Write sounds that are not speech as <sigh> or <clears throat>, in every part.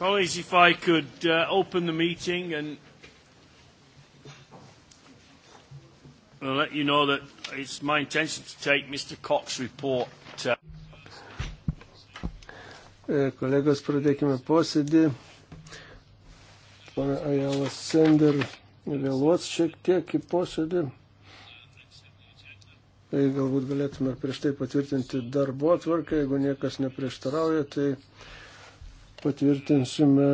Colleagues, if I could uh, open the meeting and I'll let you know that it's my intention to take Mr. Cox's report. Uh... E, kolegos, pradėkime posėdį. Pana Ajalas Sender vėluos šiek tiek į posėdį. Tai galbūt galėtume prieš tai patvirtinti darbo atvarką, jeigu niekas neprieštarauja, tai patvirtinsime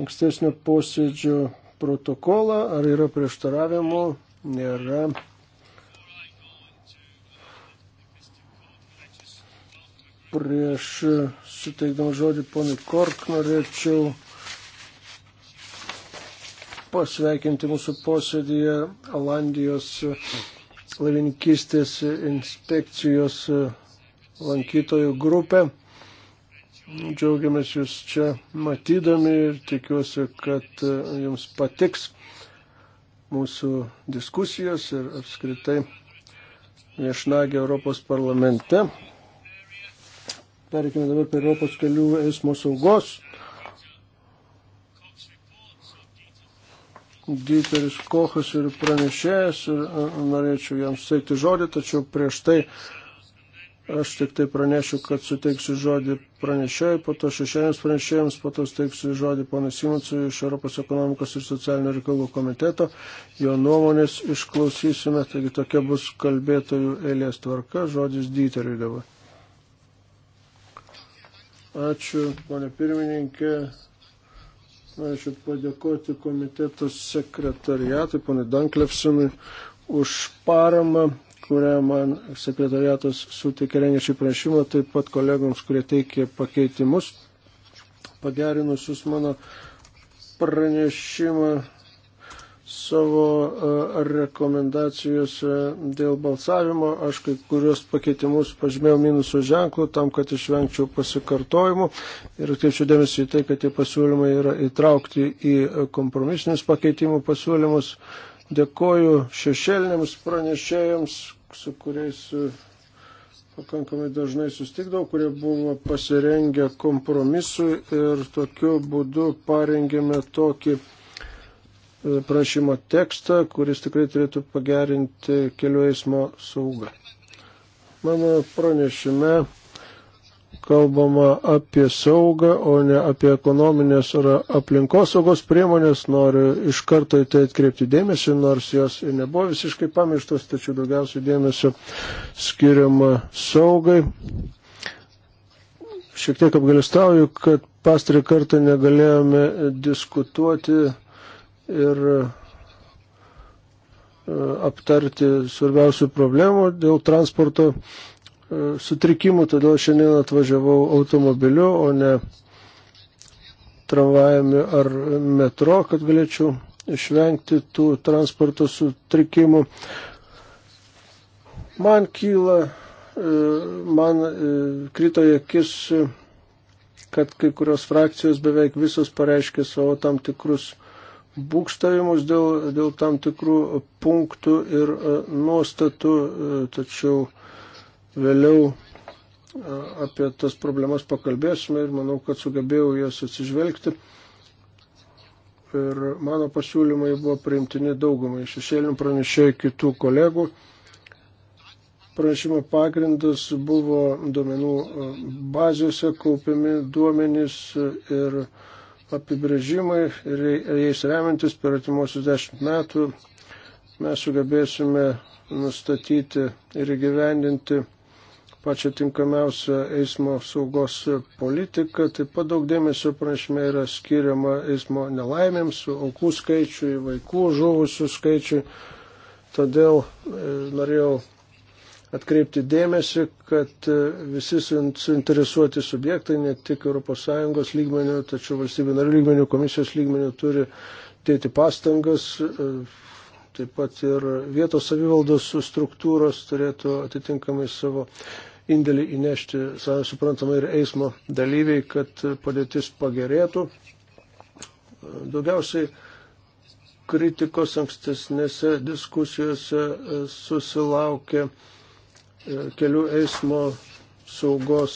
ankstesnio posėdžio protokolą. Ar yra prieštaravimų? Nėra. Prieš suteikdama žodį ponui Kork norėčiau pasveikinti mūsų posėdėje Olandijos laivininkystės inspekcijos lankytojų grupę. Džiaugiamės Jūs čia matydami ir tikiuosi, kad e, Jums patiks mūsų diskusijos ir apskritai viešnagė Europos parlamente. Pereikime dabar prie Europos kelių eismo saugos. Dieteris Kochas ir pranešėjas ir e, norėčiau jam steigti žodį, tačiau prieš tai Aš tik tai pranešiu, kad suteiksiu žodį pranešėjai, po to šešėnės pranešėjams, po to suteiksiu žodį ponas Simonsui iš Europos ekonomikos ir socialinių reikalų komiteto. Jo nuomonės išklausysime, taigi tokia bus kalbėtojų eilės tvarka, žodis Dyteriui dabar. Ačiū, ponė pirmininkė. Norėčiau padėkoti komiteto sekretariatui, ponė Danklevsinui, už paramą kurią man sekretariatas sutikė rengiant šį prašymą, taip pat kolegoms, kurie teikė pakeitimus, pagerinusius mano pranešimą savo e, rekomendacijose dėl balsavimo. Aš kai kurios pakeitimus pažymėjau minuso ženklų tam, kad išvengčiau pasikartojimų ir atkreipčiau dėmesį į tai, kad tie pasiūlymai yra įtraukti į kompromisinius pakeitimų pasiūlymus. Dėkoju šešėlinėms pranešėjams, su kuriais e, pakankamai dažnai sustikdavau, kurie buvo pasirengę kompromisui ir tokiu būdu parengėme tokį e, prašymo tekstą, kuris tikrai turėtų pagerinti kelių eismo saugą. Mano pranešime kalbama apie saugą, o ne apie ekonominės ar aplinkosaugos priemonės. Noriu iš karto į tai atkreipti dėmesį, nors jos ir nebuvo visiškai pamirštos, tačiau daugiausiai dėmesio skiriama saugai. Šiek tiek apgalistauju, kad pastarį kartą negalėjome diskutuoti ir e, aptarti svarbiausių problemų dėl transporto E, sutrikimų, todėl šiandien atvažiavau automobiliu, o ne tramvajami ar metro, kad galėčiau išvengti tų transporto sutrikimų. Man kyla, e, man e, krito akis, kad kai kurios frakcijos beveik visos pareiškė savo tam tikrus būkstavimus dėl, dėl tam tikrų punktų ir nuostatų, tačiau Vėliau apie tas problemas pakalbėsime ir manau, kad sugebėjau jas atsižvelgti. Ir mano pasiūlymai buvo priimtini daugumai šešėlinių pranešėjų kitų kolegų. Pranešimo pagrindas buvo duomenų bazėse kaupiami duomenys ir apibrėžimai ir jais remiantis per atimuosius dešimt metų mes sugebėsime nustatyti ir įgyvendinti pačią tinkamiausią eismo saugos politiką. Taip pat daug dėmesio prašymė yra skiriama eismo nelaimėms, aukų skaičiui, vaikų žuvusių skaičiui. Todėl e, norėjau atkreipti dėmesį, kad e, visi suinteresuoti subjektai, ne tik ES lygmenių, tačiau valstybių narių lygmenių, komisijos lygmenių turi dėti pastangas e, taip pat ir vietos savivaldos struktūros turėtų atitinkamai savo indėlį įnešti, suprantama, ir eismo dalyviai, kad padėtis pagerėtų. Daugiausiai kritikos ankstesnėse diskusijose e, susilaukė e, kelių eismo saugos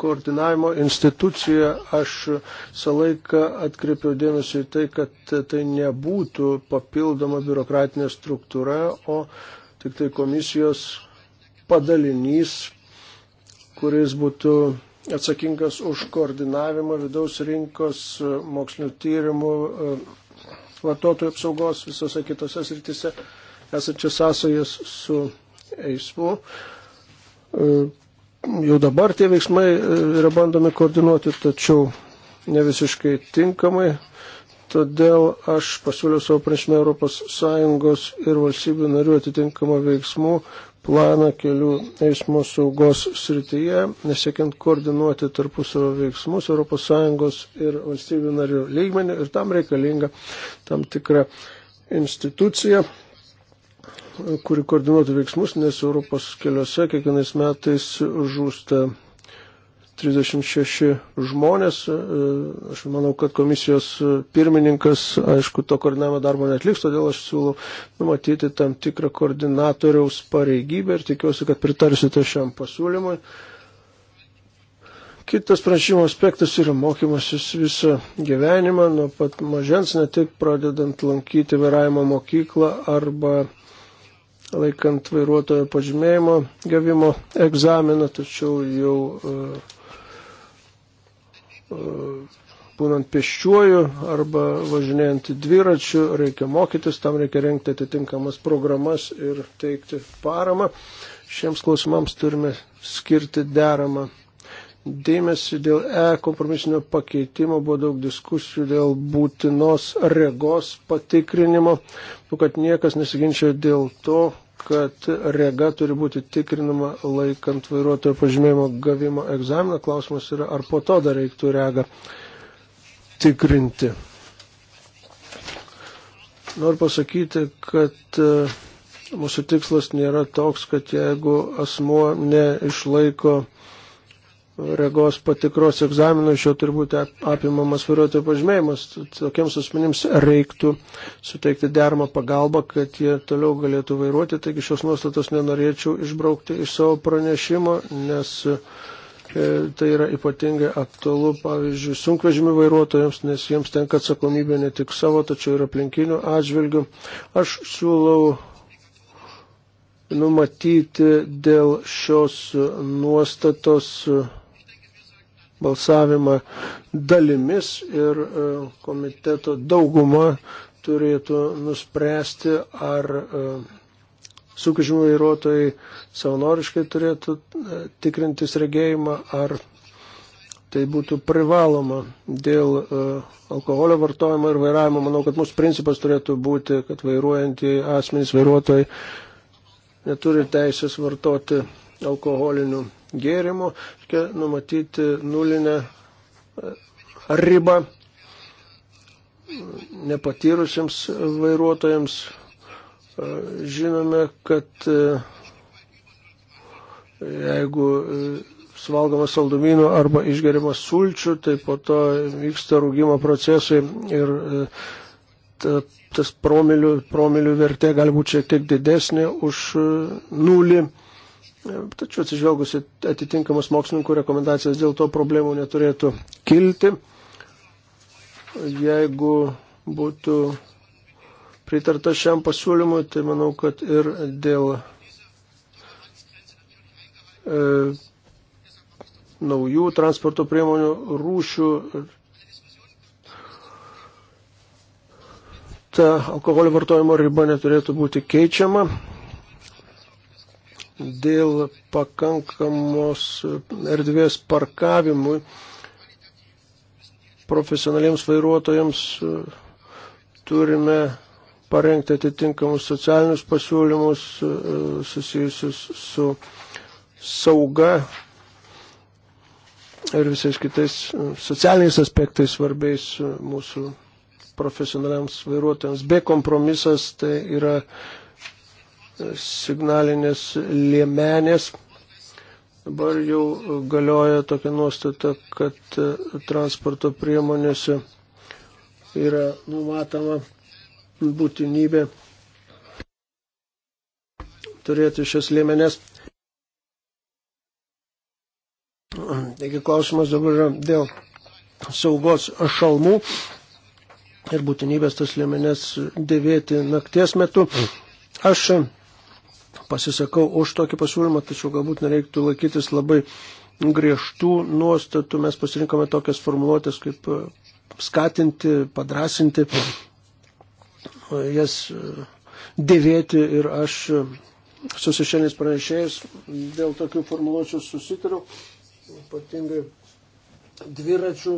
koordinavimo institucija, aš visą laiką atkreipiau dėmesį į tai, kad tai nebūtų papildoma biurokratinė struktūra, o tik tai komisijos padalinys, kuris būtų atsakingas už koordinavimą vidaus rinkos, mokslinio tyrimų, vartotojų apsaugos visose kitose srityse esančias sąsajas su eismu. Jau dabar tie veiksmai e, yra bandomi koordinuoti, tačiau ne visiškai tinkamai. Todėl aš pasiūliau savo prašymę ES ir valstybių narių atitinkamą veiksmų planą kelių eismo saugos srityje, nesiekiant koordinuoti tarpusavio veiksmus ES ir valstybių narių lygmenį ir tam reikalinga tam tikra institucija kuri koordinuotų veiksmus, nes Europos keliuose kiekvienais metais žūsta 36 žmonės. E, aš manau, kad komisijos e, pirmininkas, aišku, to koordinavimo darbo netliks, todėl aš siūlau numatyti tam tikrą koordinatoriaus pareigybę ir tikiuosi, kad pritarsite šiam pasiūlymui. Kitas pranešimo aspektas yra mokymasis visą gyvenimą, nuo pat mažens, ne tik pradedant lankyti vairavimo mokyklą arba laikant vairuotojo pažymėjimo gavimo egzaminą, tačiau jau uh, E, būnant pėsčiuoju arba važinėjant dviračiu, reikia mokytis, tam reikia renkti atitinkamas programas ir teikti paramą. Šiems klausimams turime skirti deramą dėmesį dėl E kompromisinio pakeitimo, buvo daug diskusijų dėl būtinos regos patikrinimo, nu, kad niekas nesiginčia dėl to, kad rega turi būti tikrinama laikant vairuotojo pažymėjimo gavimo egzaminą. Klausimas yra, ar po to dar reiktų regą tikrinti. Noriu pasakyti, kad e, mūsų tikslas nėra toks, kad jeigu asmuo neišlaiko regos patikros egzaminų, iš jo turi būti apimamas vairuotojo pažymėjimas. Tokiems asmenims reiktų suteikti dermą pagalbą, kad jie toliau galėtų vairuoti. Taigi šios nuostatos nenorėčiau išbraukti iš savo pranešimo, nes e, tai yra ypatingai aktualu, pavyzdžiui, sunkvežimių vairuotojams, nes jiems tenka atsakomybė ne tik savo, tačiau ir aplinkinių atžvilgių. Aš siūlau numatyti dėl šios nuostatos balsavimą dalimis ir e, komiteto dauguma turėtų nuspręsti, ar e, sunkvežimių vairuotojai savanoriškai turėtų e, tikrintis regėjimą, ar tai būtų privaloma dėl alkoholio vartojimo ir vairavimo. Manau, kad mūsų principas turėtų būti, kad vairuojantieji asmenys, vairuotojai neturi teisės vartoti alkoholinių gėrimų, reikia numatyti nulinę e, ribą nepatyrusiems vairuotojams. E, žinome, kad e, jeigu suvalgoma saldumynų arba išgeriama sulčių, tai po to vyksta rūgimo procesai ir ta, tas promilių, promilių vertė gali būti šiek tiek didesnė už nulį. E, tačiau atsižvelgus atitinkamas mokslininkų rekomendacijas dėl to problemų neturėtų kilti. Jeigu būtų pritarta šiam pasiūlymui, tai manau, kad ir dėl e, naujų transporto priemonių rūšių ta alkoholio vartojimo riba neturėtų būti keičiama dėl pakankamos erdvės parkavimui profesionaliems vairuotojams turime parengti atitinkamus socialinius pasiūlymus e, susijusius su sauga ir visais kitais e, socialiniais aspektais svarbiais e, mūsų profesionaliams vairuotojams. Be kompromisas tai yra signalinės liemenės. Dabar jau galioja tokia nuostata, kad transporto priemonėse yra numatoma būtinybė turėti šias liemenės. Taigi klausimas dabar yra dėl saugos šalmų ir būtinybės tas liemenės dėvėti nakties metu. Aš pasisakau už tokį pasiūlymą, tačiau galbūt nereiktų laikytis labai griežtų nuostatų. Mes pasirinkome tokias formuluotės kaip e, skatinti, padrasinti, e, jas e, dėvėti ir aš su šešėliais pranešėjais dėl tokių formuluočių susitariu, ypatingai dviračių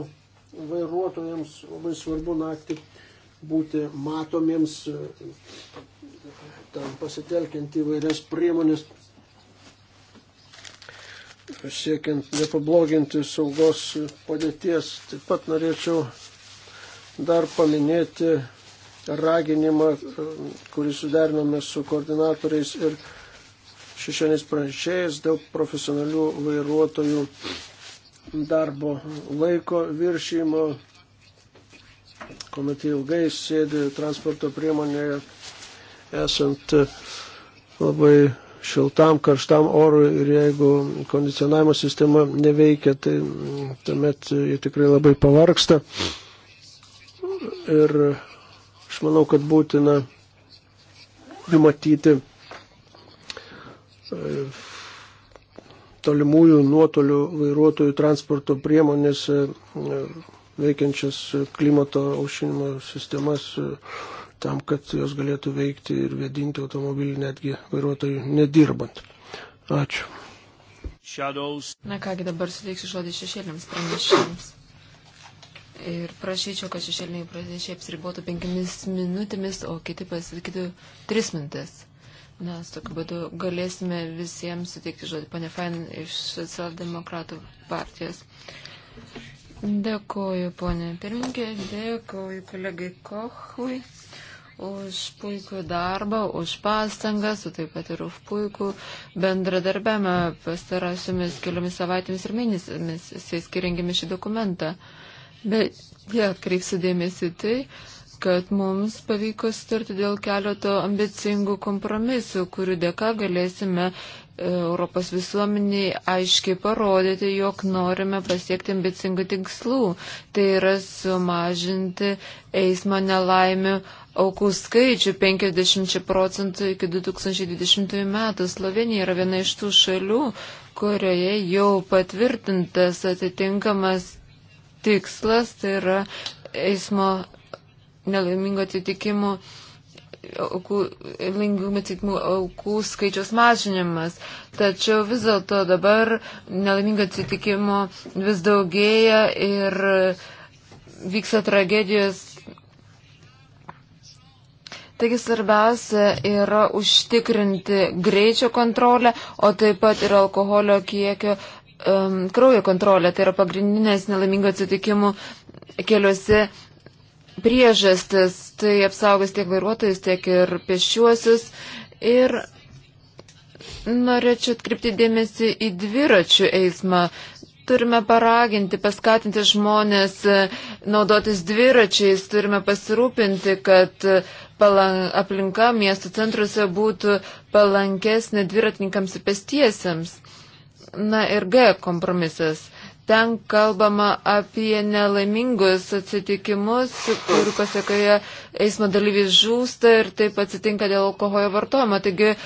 vairuotojams labai svarbu naktį būti matomiems tam pasitelkiant įvairias priemonės, siekiant nepabloginti saugos padėties. Taip pat norėčiau dar paminėti raginimą, kurį suderinome su koordinatoriais ir šešieniais pranešėjais dėl profesionalių vairuotojų darbo laiko viršymo, kuomet ilgai sėdi transporto priemonėje esant labai šiltam, karštam orui ir jeigu kondicionavimo sistema neveikia, tai tuomet jie tikrai labai pavarksta. Ir aš manau, kad būtina numatyti e, tolimųjų nuotolių vairuotojų transporto priemonės e, veikiančias klimato aušinimo sistemas e, tam, kad jos galėtų veikti ir vedinti automobilį netgi vairuotojų nedirbant. Ačiū. Shadows. Na kągi, dabar suteiksiu žodį šešėliams pranešėjams. Ir prašyčiau, kad šešėliniai pranešėjai apsiribotų penkiamis minutėmis, o kiti pasakytų tris minutės. Mes tokiu būdu galėsime visiems suteikti žodį. Pane Fain iš Socialdemokratų partijos. Dėkuoju, ponė pirmininkė, dėkuoju kolegai Kochui už puikų darbą, už pastangas, o taip pat ir už puikų bendradarbiavimą pastarąsiamis keliomis savaitėmis ir mėnesiais, skiriangimi šį dokumentą. Bet jie ja, atkreipsiu dėmesį tai, kad mums pavyko sutarti dėl keleto ambicingų kompromisų, kurių dėka galėsime e, Europos visuomeniai aiškiai parodyti, jog norime pasiekti ambicingų tikslų. Tai yra sumažinti eismo nelaimių aukų skaičių 50 procentų iki 2020 metų. Slovenija yra viena iš tų šalių, kurioje jau patvirtintas atitinkamas tikslas, tai yra eismo nelaimingo atitikimų. Aukų, laimingų atsitikimų aukų skaičiaus mažinimas. Tačiau vis dėlto dabar nelaimingų atsitikimų vis daugėja ir vyksta tragedijos Taigi svarbiausia yra užtikrinti greičio kontrolę, o taip pat ir alkoholio kiekio um, kraujo kontrolę. Tai yra pagrindinės nelaimingo atsitikimų keliuose priežastis. Tai apsaugos tiek vairuotojus, tiek ir pešiuosius. Ir norėčiau atkreipti dėmesį į dviračių eismą. Turime paraginti, paskatinti žmonės e, naudotis dviračiais, turime pasirūpinti, kad e, palan, aplinka miestų centruose būtų palankesnė dviratininkams ir pestiesiems. Na ir G kompromisas. Ten kalbama apie nelaimingus atsitikimus, kurių pasiekoje eismo dalyvis žūsta ir taip atsitinka dėl alkoholio vartojimo. Taigi e,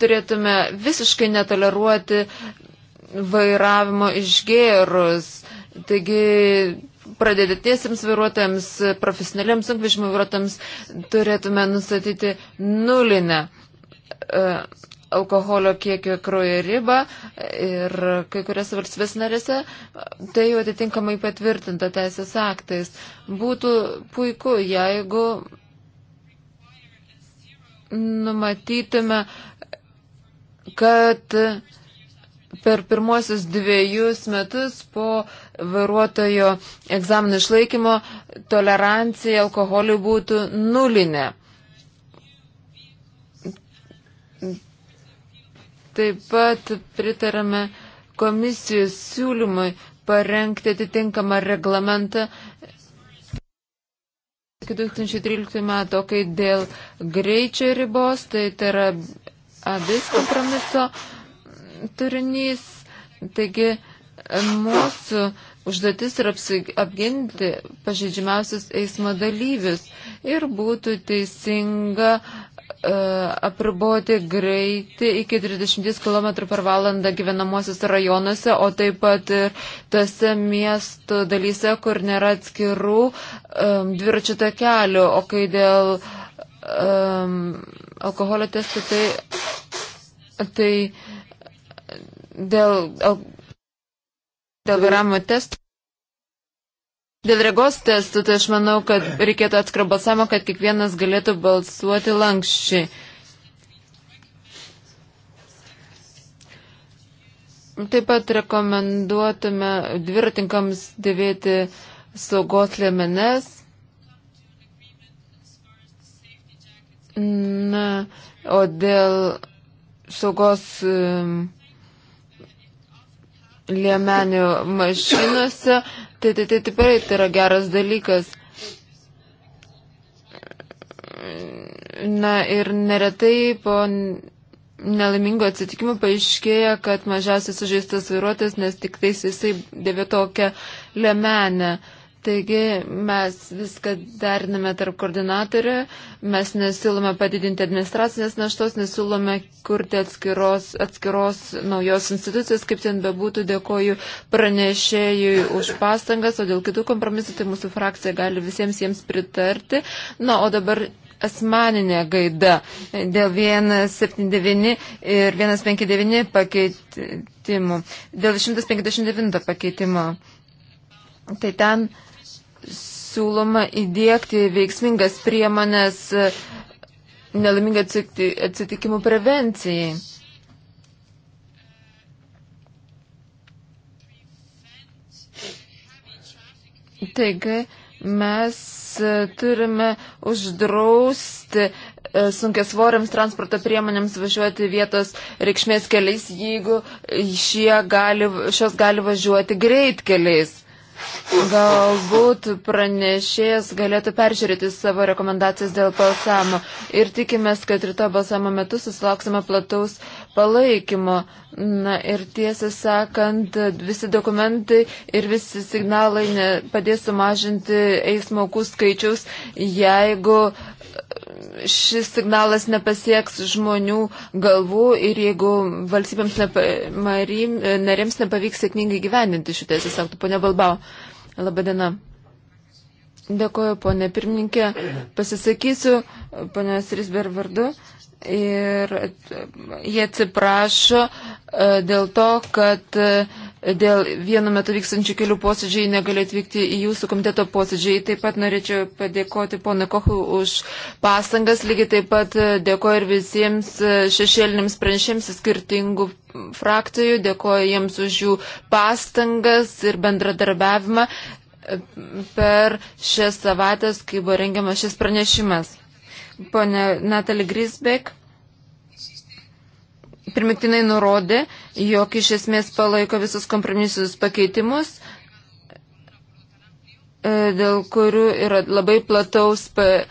turėtume visiškai netoleruoti vairavimo išgėrus. Taigi pradėdėtiesiems vairuotojams, profesionaliams sunkvežimio vairuotojams turėtume nustatyti nulinę e, alkoholio kiekio kraujo ribą ir kai kurias valstybės narėse tai jau atitinkamai patvirtinta teisės aktais. Būtų puiku, jeigu numatytume, kad per pirmosius dviejus metus po vairuotojo egzaminų išlaikymo tolerancija alkoholiui būtų nulinė. Taip pat pritarame komisijos siūlymui parengti atitinkamą reglamentą iki 2013 metų, kai dėl greičio ribos, tai tai yra abis kompromiso. Uh, turinys. Taigi mūsų užduotis yra apginti pažeidžiamiausius eismo dalyvius ir būtų teisinga uh, apriboti greitį iki 30 km per valandą gyvenamosios rajonuose, o taip pat ir tose miestų dalyse, kur nėra atskirų um, dviračių takelių, o kai dėl um, alkoholio testų, tai, tai dėl, dėl vairavimo testų. Dėl regos testų, tai aš manau, kad reikėtų atskirą balsavimą, kad kiekvienas galėtų balsuoti lankščiai. Taip pat rekomenduotume dviratinkams dėvėti saugos lėmenes. Na, o dėl saugos. Um, liemenių mašinose, tai, tai, tai tikrai tai yra geras dalykas. Na ir neretai po nelaimingo atsitikimo paaiškėja, kad mažiausiai sužeistas vairuotojas, nes tik tais jisai dėvė tokią liemenę. Uh, Taigi mes viską deriname tarp koordinatorių, mes nesiūlome padidinti administracinės naštos, nesiūlome kurti atskiros, atskiros naujos institucijos, kaip ten bebūtų, dėkoju pranešėjui už pastangas, o dėl kitų kompromisų tai mūsų frakcija gali visiems jiems pritarti. Na, o dabar asmeninė gaida dėl 179 ir 159 pakeitimų, dėl 159 pakeitimo. Tai ten siūloma įdėkti veiksmingas priemonės e, nelaimingą atsitikimų prevencijai. Taigi mes e, turime uždrausti e, sunkias svoriams transporto priemonėms važiuoti vietos reikšmės keliais, jeigu šie gali, šios gali važiuoti greitkeliais. Galbūt pranešėjas galėtų peržiūrėti savo rekomendacijas dėl balsavimo ir tikimės, kad ryto balsavimo metu susilauksime plataus palaikymo. Na ir tiesą sakant, visi dokumentai ir visi signalai padės sumažinti eismo aukų skaičiaus, jeigu uh, šis signalas nepasieks žmonių galvų ir jeigu valstybėms nepa, marim, narėms nepavyks sėkmingai gyveninti šių teisės aktų. Pone Balbao, labadiena. Dėkoju, ponė pirmininkė. Pasisakysiu, ponės Risber vardu. Ir jie atsiprašo e, dėl to, kad dėl vienu metu vykstančių kelių posėdžiai negali atvykti į jūsų komiteto posėdžiai. Taip pat norėčiau padėkoti ponui Kochui už pastangas, lygiai taip pat dėkoju ir visiems šešėlinėms pranešėms skirtingų frakcijų, dėkoju jiems už jų pastangas ir bendradarbiavimą per šias savaitės, kai buvo rengiamas šis pranešimas. Pone Natalį Grisbek primiktinai nurodė, jog iš esmės palaiko visus kompromisus pakeitimus, e, dėl kurių yra labai plataus e,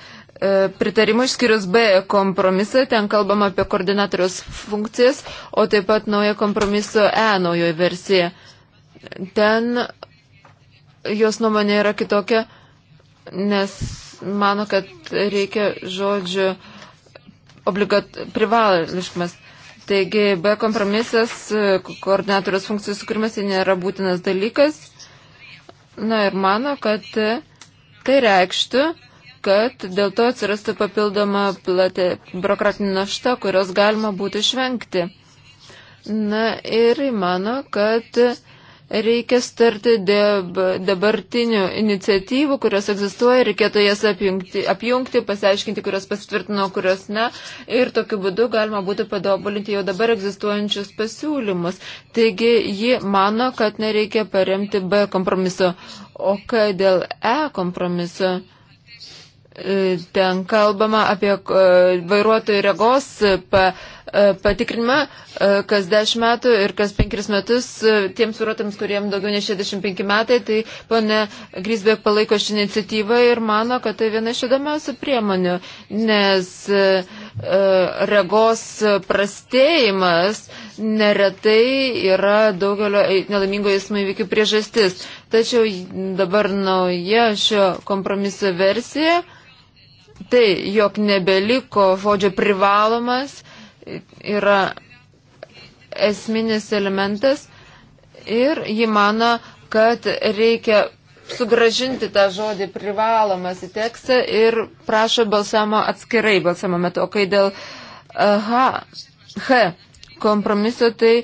pritarimo išskirius B kompromisą, ten kalbama apie koordinatorius funkcijas, o taip pat nauja kompromiso E naujoji versija. Ten jos nuomonė yra kitokia, nes mano, kad reikia žodžių obligat privališkumas Taigi, be kompromisas e, koordinatorius funkcijų sukūrimas tai nėra būtinas dalykas. Na ir mano, kad e, tai reikštų, kad dėl to atsirastų papildoma platė biurokratinė našta, kurios galima būtų išvengti. Na ir mano, kad Reikia starti dabartinių iniciatyvų, kurios egzistuoja, reikėtų jas apjungti, apjungti pasiaiškinti, kurios pasitvirtino, kurios ne. Ir tokiu būdu galima būtų padobulinti jau dabar egzistuojančius pasiūlymus. Taigi ji mano, kad nereikia paremti B kompromiso. O kai dėl E kompromiso e, ten kalbama apie e, vairuotojų regos E, patikrinimą e, kas 10 metų ir kas 5 metus e, tiems vairuotojams, kuriems daugiau nei 65 metai. Tai ponė Grisbek palaiko šį iniciatyvą ir mano, kad tai viena iš įdomiausių priemonių, nes regos prastėjimas neretai yra daugelio nelaimingo eismo įvykių priežastis. Tačiau dabar nauja šio kompromiso versija tai, jog nebeliko žodžio privalomas, yra esminis elementas ir ji mano, kad reikia sugražinti tą žodį privalomas į tekstą ir prašo balsamo atskirai balsamo metu. O kai dėl H, H kompromiso, tai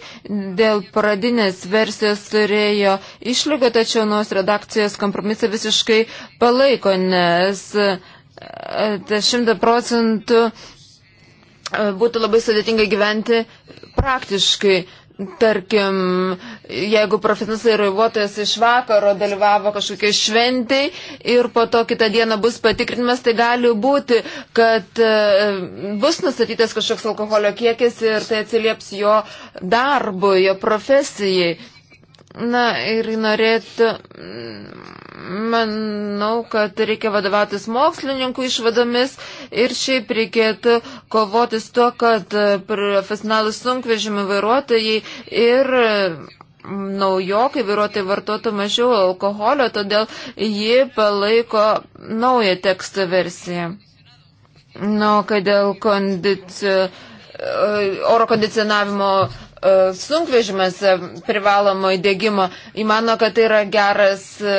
dėl pradinės versijos turėjo išlygą, tačiau nuos redakcijos kompromisą visiškai palaiko, nes 100 e, procentų E, būtų labai sudėtinga gyventi praktiškai. Tarkim, jeigu profesionalus vairuotojas iš vakaro dalyvavo kažkokiai šventai ir po to kitą dieną bus patikrinimas, tai gali būti, kad e, bus nustatytas kažkoks alkoholio kiekis ir tai atsilieps jo darbui, jo profesijai. Na ir norėtų, manau, kad reikia vadovautis mokslininkų išvadomis ir šiaip reikėtų kovotis tuo, kad profesionalus sunkvežimių vairuotojai ir naujokai vairuotojai vartotų mažiau alkoholio, todėl ji palaiko naują teksto versiją. Na, kad dėl kondici... oro kondicionavimo E, sunkvežimiuose privalomo įdėgymo. Įmano, kad tai yra geras e,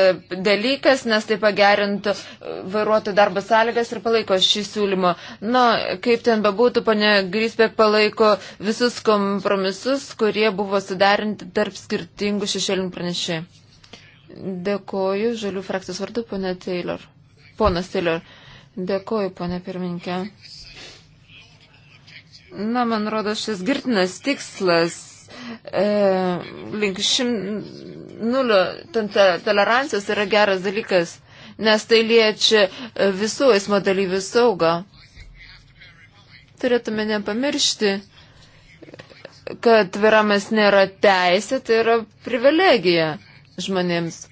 dalykas, nes tai pagerintų e, vairuotojų darbo sąlygas ir palaiko šį siūlymą. Na, kaip ten bebūtų, ponė Grisbek palaiko visus kompromisus, kurie buvo suderinti tarp skirtingų šešėlinių pranešėjų. Dėkoju, žalių frakcijos vardu, ponė Taylor. Ponas Taylor. Dėkoju, ponė pirmininkė. Na, man rodo, šis girtinas tikslas e, link šim nulio tolerancijos yra geras dalykas, nes tai liečia e, visų eismo dalyvių saugą. Turėtume nepamiršti, kad viramas nėra teisė, tai yra privilegija žmonėms.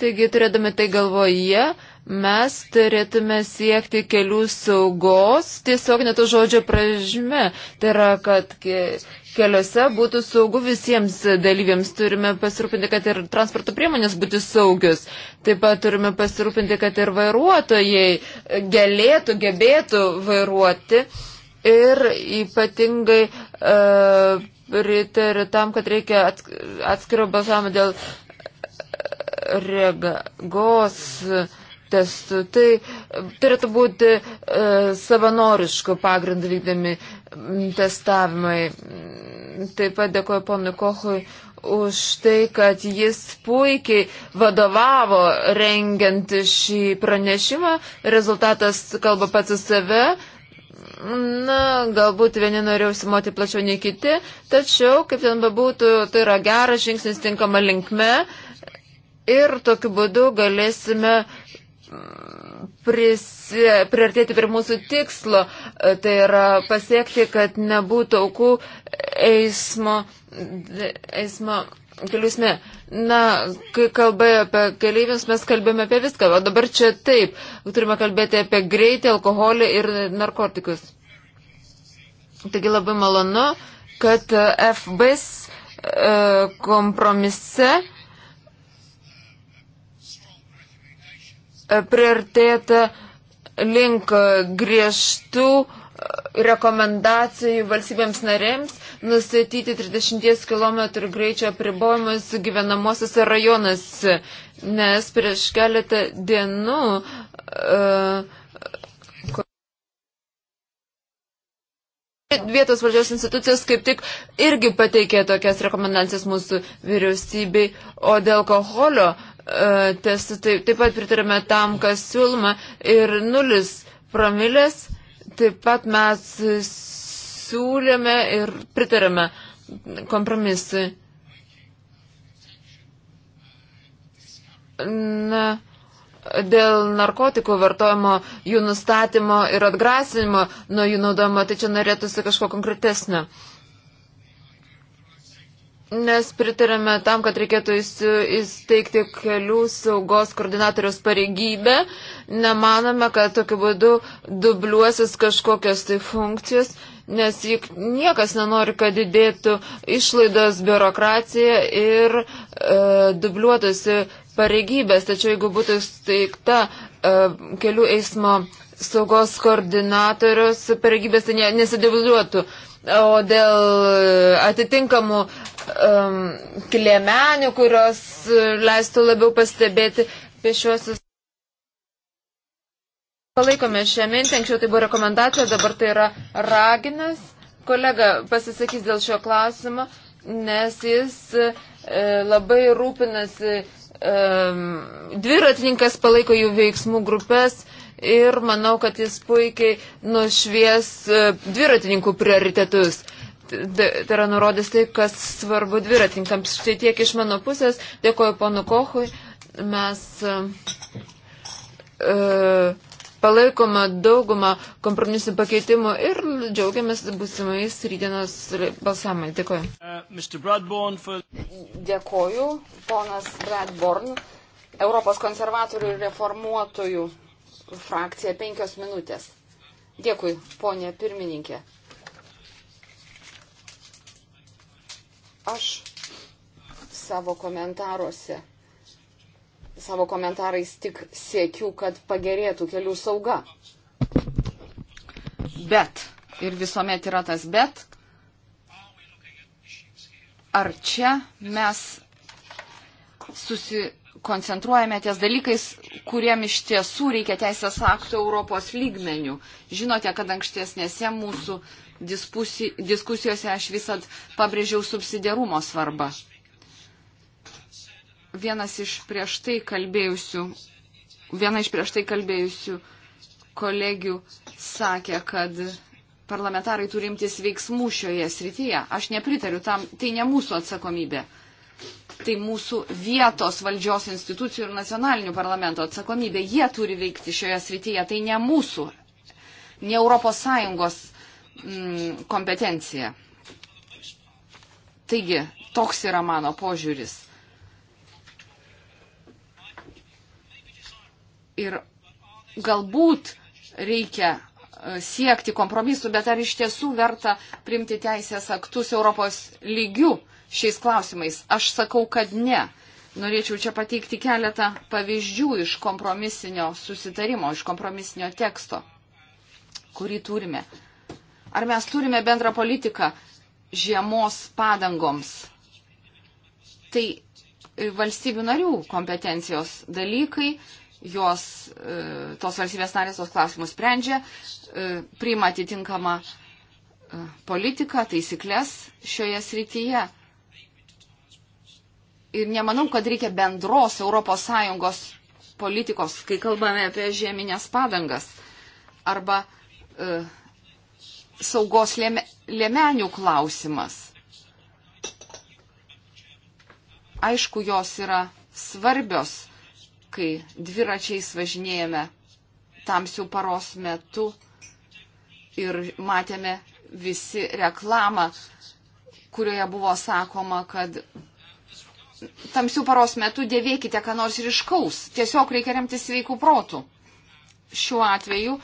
Taigi, turėdami tai galvoje, mes turėtume siekti kelių saugos, tiesiog netų žodžio pražme. Tai yra, kad keliuose būtų saugu visiems dalyviams. Turime pasirūpinti, kad ir transporto priemonės būtų saugius. Taip pat turime pasirūpinti, kad ir vairuotojai galėtų, gebėtų vairuoti. Ir ypatingai. Uh, Pritariu tam, kad reikia atskiro balsavimo dėl regos. Uh, testų. Tai e, turėtų būti e, savanoriškų pagrindų vykdami testavimai. Taip pat dėkoju ponui Kochui už tai, kad jis puikiai vadovavo rengiant šį pranešimą. Rezultatas kalba pats į save. Na, galbūt vieni norėjo simoti plačiau nei kiti, tačiau, kaip ten bebūtų, tai yra geras žingsnis tinkama linkme ir tokiu būdu galėsime uh, pris, priartėti prie mūsų tikslo, e, tai yra pasiekti, kad nebūtų aukų eismo, eismo keliusme. Na, kai kalbai apie keleivius, mes kalbėjome apie viską, o dabar čia taip, turime kalbėti apie greitį, alkoholį ir narkotikus. Taigi labai malonu, kad FBS e, kompromise uh, priartėta link griežtų e, rekomendacijų valstybėms narėms nustatyti 30 km greičio apribojimus gyvenamosiose rajonuose, nes prieš keletą dienų uh, Vietos valdžios institucijos kaip tik irgi pateikė tokias rekomendacijas mūsų vyriausybei, o dėl alkoholio uh, E, testų. Taip, taip pat pritarėme tam, kas siūloma. Ir nulis promilės. Taip pat mes siūlėme ir pritarėme kompromisui. Na, dėl narkotikų vartojimo, jų nustatymo ir atgrasinimo nuo jų naudojimo, tai čia norėtųsi kažko konkretesnio. Uh, Mes pritarėme tam, kad reikėtų įsteigti kelių saugos koordinatoriaus pareigybę. Nemanome, kad tokiu būdu dubliuosis kažkokios tai funkcijos, nes juk niekas nenori, kad didėtų išlaidos biurokracija ir e, dubliuotųsi pareigybės. Tačiau jeigu būtų įsteigta e, kelių eismo saugos koordinatorius pareigybės, tai ne, nesidubliuotų. O dėl e, atitinkamų um, klėmenių, kurios uh, leistų labiau pastebėti pešiuosius. Palaikome šią mintį, anksčiau tai buvo rekomendacija, dabar tai yra raginas. Kolega pasisakys dėl šio klausimo, nes jis e, labai rūpinasi, e, dviratininkas palaiko jų veiksmų grupės ir manau, kad jis puikiai nušvies uh, dviratininkų prioritetus. Tai, tai yra nurodęs tai, kas svarbu dviratininkams. Štai tiek iš mano pusės. Dėkoju ponu Kochui. Mes e, e palaikome daugumą kompromisų pakeitimų ir džiaugiamės būsimais rydienos balsamai. Dėkoju. Uh, for... Dėkoju, ponas Bradborn. Europos konservatorių ir reformuotojų frakcija penkios minutės. Dėkui, ponė pirmininkė. aš savo komentaruose, savo komentarais tik siekiu, kad pagerėtų kelių sauga. Bet, ir visuomet yra tas bet, ar čia mes susikoncentruojame ties dalykais, kuriem iš tiesų reikia teisės aktų Europos lygmenių. Žinote, kad ankštesnėse mūsų diskusi, diskusijose aš visat pabrėžiau subsidiarumo svarbą. Vienas iš prieš tai kalbėjusių, viena iš prieš tai kalbėjusių kolegių sakė, kad parlamentarai turi imtis veiksmų šioje srityje. Aš nepritariu tam, tai ne mūsų atsakomybė. Tai mūsų vietos valdžios institucijų ir nacionalinių parlamento atsakomybė. Jie turi veikti šioje srityje, tai ne mūsų, ne Europos Sąjungos mm, kompetencija. Taigi, toks yra mano požiūris. Ir galbūt reikia e, siekti kompromisų, bet ar iš tiesų verta primti teisės aktus Europos lygių šiais klausimais? Aš sakau, kad ne. Norėčiau čia pateikti keletą pavyzdžių iš kompromisinio susitarimo, iš kompromisinio teksto, kurį turime. Ar mes turime bendrą politiką žiemos padangoms? Tai valstybių narių kompetencijos dalykai, jos, e, tos valstybės narės tos klausimus sprendžia, e, priima atitinkamą e, politiką, taisyklės šioje srityje. Ir nemanau, kad reikia bendros ES politikos, kai kalbame apie žieminės padangas. Arba uh, saugos liemenių klausimas. Aišku, jos yra svarbios, kai dviračiais važinėjame tamsių paros metu ir matėme visi reklamą, kurioje buvo sakoma, kad tamsių paros metu dėvėkite, ką nors ryškaus. Tiesiog reikia remtis sveikų protų. Šiuo atveju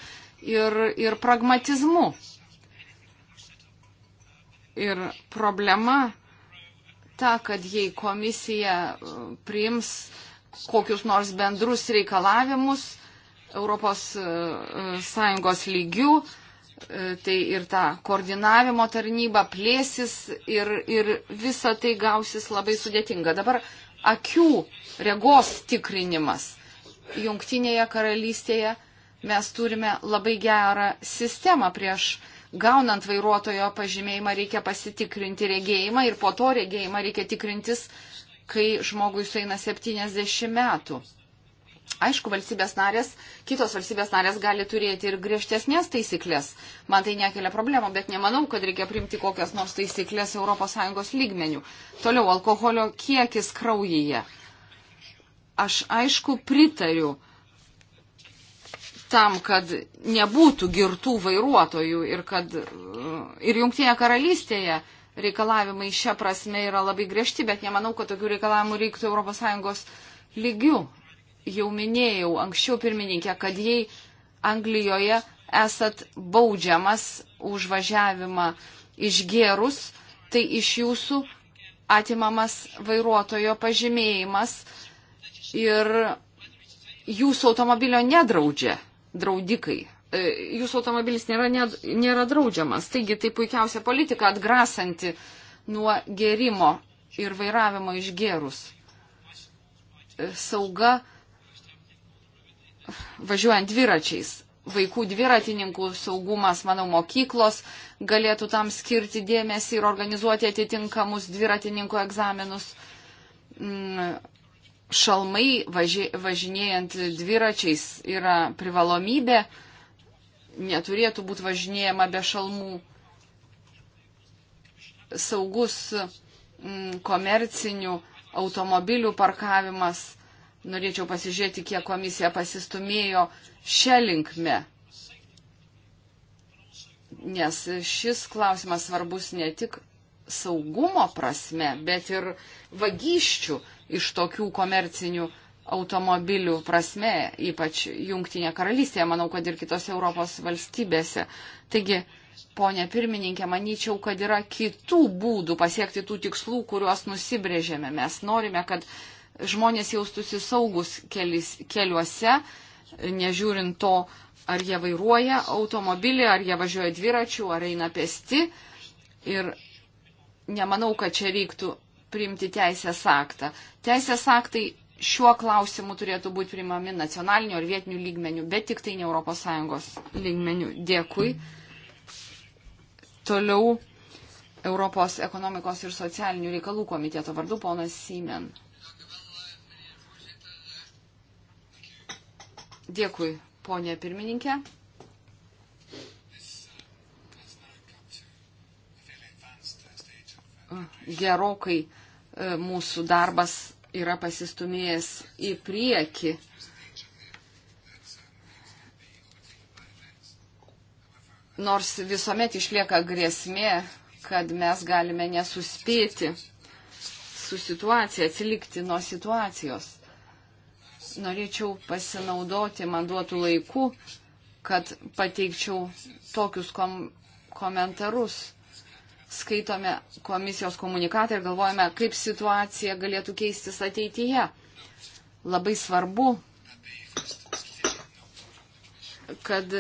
ir, ir pragmatizmu. Ir problema ta, kad jei komisija uh, priims kokius nors bendrus reikalavimus ES uh, uh, lygių, tai ir ta koordinavimo tarnyba plėsis ir, ir visa tai gausis labai sudėtinga. Dabar akių regos tikrinimas. Jungtinėje karalystėje mes turime labai gerą sistemą prieš uh, gaunant vairuotojo pažymėjimą reikia pasitikrinti regėjimą ir po to regėjimą reikia tikrintis, kai žmogui sueina 70 metų. Aišku, valstybės narės, kitos valstybės narės gali turėti ir griežtesnės taisyklės. Man tai nekelia problemų, bet nemanau, kad reikia primti kokias nors taisyklės ES lygmenių. Toliau, alkoholio kiekis kraujyje. Aš aišku pritariu tam, kad nebūtų girtų vairuotojų ir kad uh, ir Junktinėje karalystėje reikalavimai šią prasme yra labai griežti, bet nemanau, kad tokių reikalavimų reiktų ES lygių. Jau minėjau anksčiau pirmininkė, kad jei Anglijoje esat baudžiamas už važiavimą išgėrus, tai iš jūsų atimamas vairuotojo pažymėjimas ir jūsų automobilio nedraudžia draudikai. E, jūsų automobilis nėra, nėra draudžiamas, taigi tai puikiausia politika atgrasanti nuo gerimo ir vairavimo išgerus. E, sauga važiuojant dviračiais. Vaikų dviratininkų saugumas, manau, mokyklos galėtų tam skirti dėmesį ir organizuoti atitinkamus dviratininkų egzaminus. Mm, šalmai važi, važinėjant dviračiais yra privalomybė, neturėtų būti važinėjama be šalmų. Saugus m, mm, komercinių automobilių parkavimas. Norėčiau pasižiūrėti, kiek komisija pasistumėjo šią linkmę. Nes šis klausimas svarbus ne tik saugumo prasme, bet ir vagysčių prasme iš tokių komercinių automobilių prasme, ypač Jungtinė karalystėje, manau, kad ir kitose Europos valstybėse. Taigi, ponė pirmininkė, manyčiau, kad yra kitų būdų pasiekti tų tikslų, kuriuos nusibrėžėme. Mes norime, kad žmonės jaustųsi saugus kelis, keliuose, nežiūrint to, ar jie vairuoja automobilį, ar jie važiuoja dviračių, ar eina pėsti. Ir nemanau, kad čia reiktų priimti teisės aktą. Teisės aktai šiuo klausimu turėtų būti priimami nacionaliniu ar vietiniu lygmeniu, bet tik tai ne ES lygmeniu. Dėkui. Toliau Europos ekonomikos ir socialinių reikalų komiteto vardu ponas Simen. Dėkui, ponė pirmininkė. Gerokai uh, E, mūsų darbas yra pasistumėjęs į priekį. Nors visuomet išlieka grėsmė, kad mes galime nesuspėti su situacija, atsilikti nuo situacijos. Norėčiau pasinaudoti man duotų laikų, kad pateikčiau tokius kom komentarus skaitome komisijos komunikatą ir galvojame, kaip situacija galėtų keistis ateityje. Labai svarbu, kad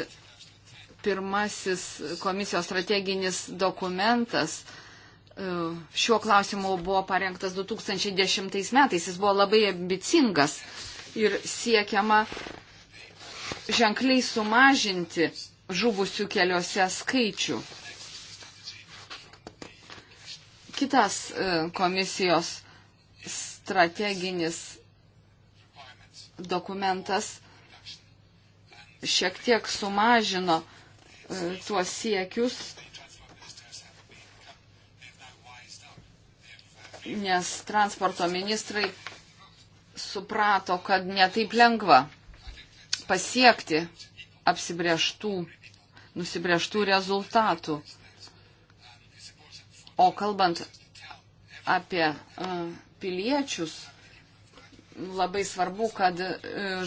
pirmasis komisijos strateginis dokumentas e, šiuo klausimu buvo parengtas 2010 metais. Jis buvo labai ambicingas ir siekiama ženkliai sumažinti žuvusių keliuose skaičių kitas e, komisijos strateginis dokumentas šiek tiek sumažino e, tuos siekius, nes transporto ministrai suprato, kad netaip lengva pasiekti apsibrieštų, nusibrieštų rezultatų. O kalbant apie e, piliečius, labai svarbu, kad e,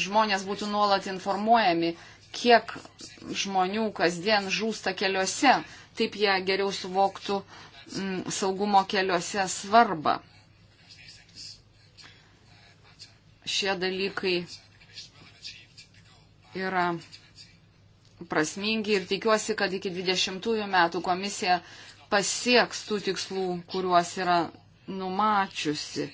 žmonės būtų nuolat informuojami, kiek žmonių kasdien žūsta keliuose, taip jie geriau suvoktų saugumo keliuose svarbą. Šie dalykai yra prasmingi ir tikiuosi, kad iki 20 metų komisija pasieks tų tikslų, kuriuos yra numačiusi.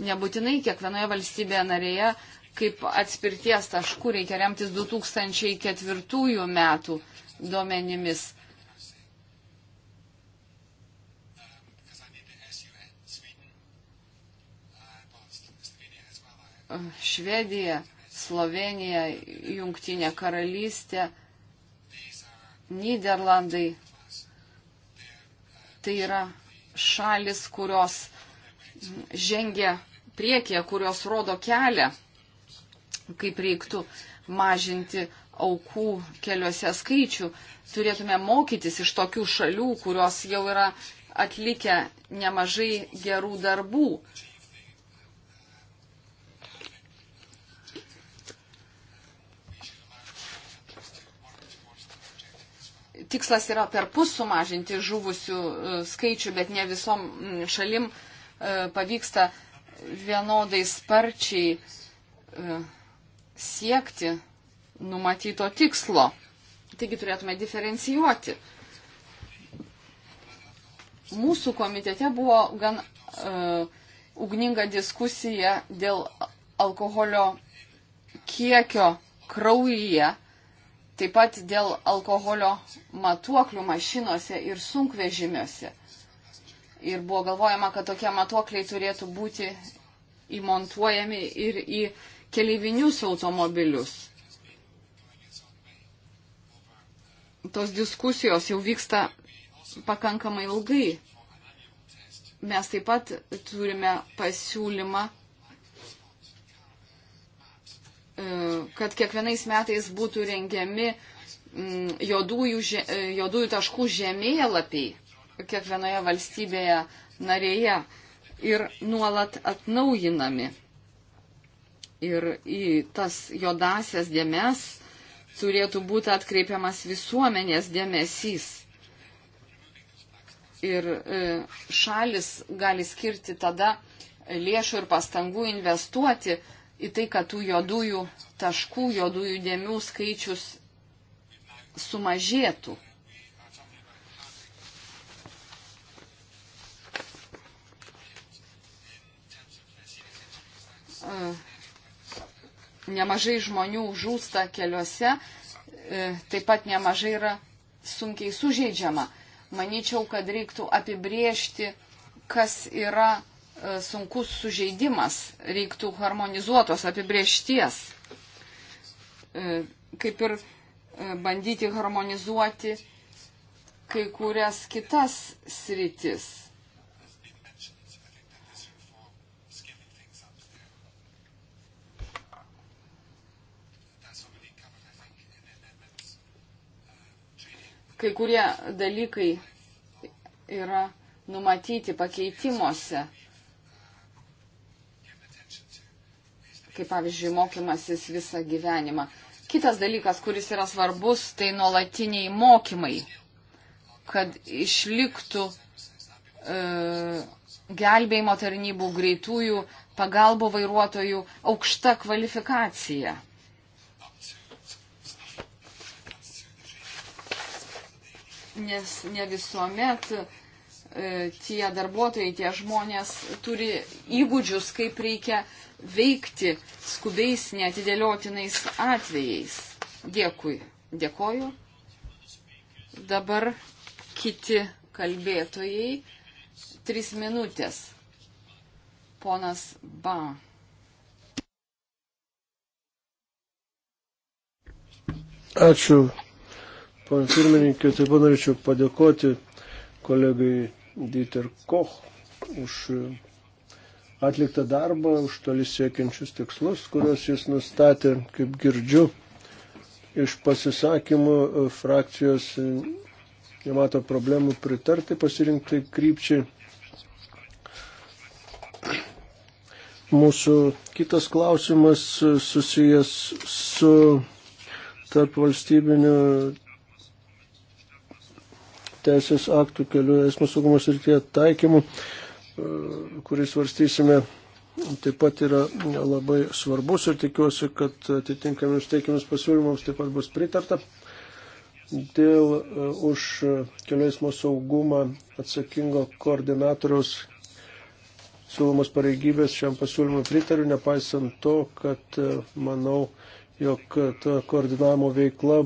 Nebūtinai kiekvienoje valstybėje narėje kaip atspirties taškų reikia remtis 2004 metų duomenimis. Švedija, Slovenija, Jungtinė karalystė, Niderlandai, Tai yra šalis, kurios žengia priekyje, kurios rodo kelią, kaip reiktų mažinti aukų keliuose skaičių. Turėtume mokytis iš tokių šalių, kurios jau yra atlikę nemažai gerų darbų. tikslas yra per pus sumažinti žuvusių e, skaičių, bet ne visom mm, šalim e, pavyksta vienodai sparčiai e, siekti numatyto tikslo. Taigi turėtume diferencijuoti. Mūsų komitete buvo gan uh, ugninga diskusija dėl alkoholio kiekio kraujyje uh, Taip pat dėl alkoholio matuoklių mašinuose ir sunkvežimiuose. Ir buvo galvojama, kad tokie matuokliai turėtų būti įmontuojami ir į keleivinius automobilius. Tos diskusijos jau vyksta pakankamai ilgai. Mes taip pat turime pasiūlymą E, kad kiekvienais metais būtų rengiami mm, juodųjų, e, juodųjų taškų žemėlapiai kiekvienoje valstybėje narėje ir nuolat atnaujinami. Ir į tas juodasias dėmes turėtų būti atkreipiamas visuomenės dėmesys. Ir e, šalis gali skirti tada lėšų ir pastangų investuoti į tai, kad tų juodųjų taškų, juodųjų dėmių skaičius sumažėtų. E, nemažai žmonių žūsta keliuose, e, taip pat nemažai yra sunkiai sužeidžiama. Maničiau, kad reiktų apibriežti, kas yra E, sunkus sužeidimas, reiktų harmonizuotos apibriešties, e, kaip ir e, bandyti harmonizuoti kai kurias kitas sritis. Kai kurie dalykai yra numatyti pakeitimuose kaip pavyzdžiui mokymasis visą gyvenimą. Kitas dalykas, kuris yra svarbus, tai nuolatiniai mokymai, kad išliktų e, gelbėjimo tarnybų greitųjų pagalbo vairuotojų aukšta kvalifikacija. Nes ne visuomet e, tie darbuotojai, tie žmonės turi įgūdžius, kaip reikia veikti skubiais, neatidėliotinais atvejais. Dėkui. Dėkoju. Dabar kiti kalbėtojai. Tris minutės. Ponas Ba. Ačiū, pana pirmininkė. Taip pat norėčiau padėkoti kolegai Dieter Koch už atliktą darbą, už toli siekiančius tikslus, kuriuos jis nustatė, kaip girdžiu, iš pasisakymų e, frakcijos e, nemato problemų pritarti pasirinkti krypčiai. Mūsų kitas klausimas e, susijęs su tarp valstybiniu teisės aktų kelių eismo saugumos ir tie taikymų. Uh, E, kurį svarstysime, taip pat yra labai svarbus ir tikiuosi, kad atitinkamiems teikiamus pasiūlymams taip pat bus pritarta. Dėl e, už kelių eismo saugumą atsakingo koordinatoriaus siūlomos pareigybės šiam pasiūlymui pritariu, nepaisant to, kad e, manau, jog ta koordinavimo veikla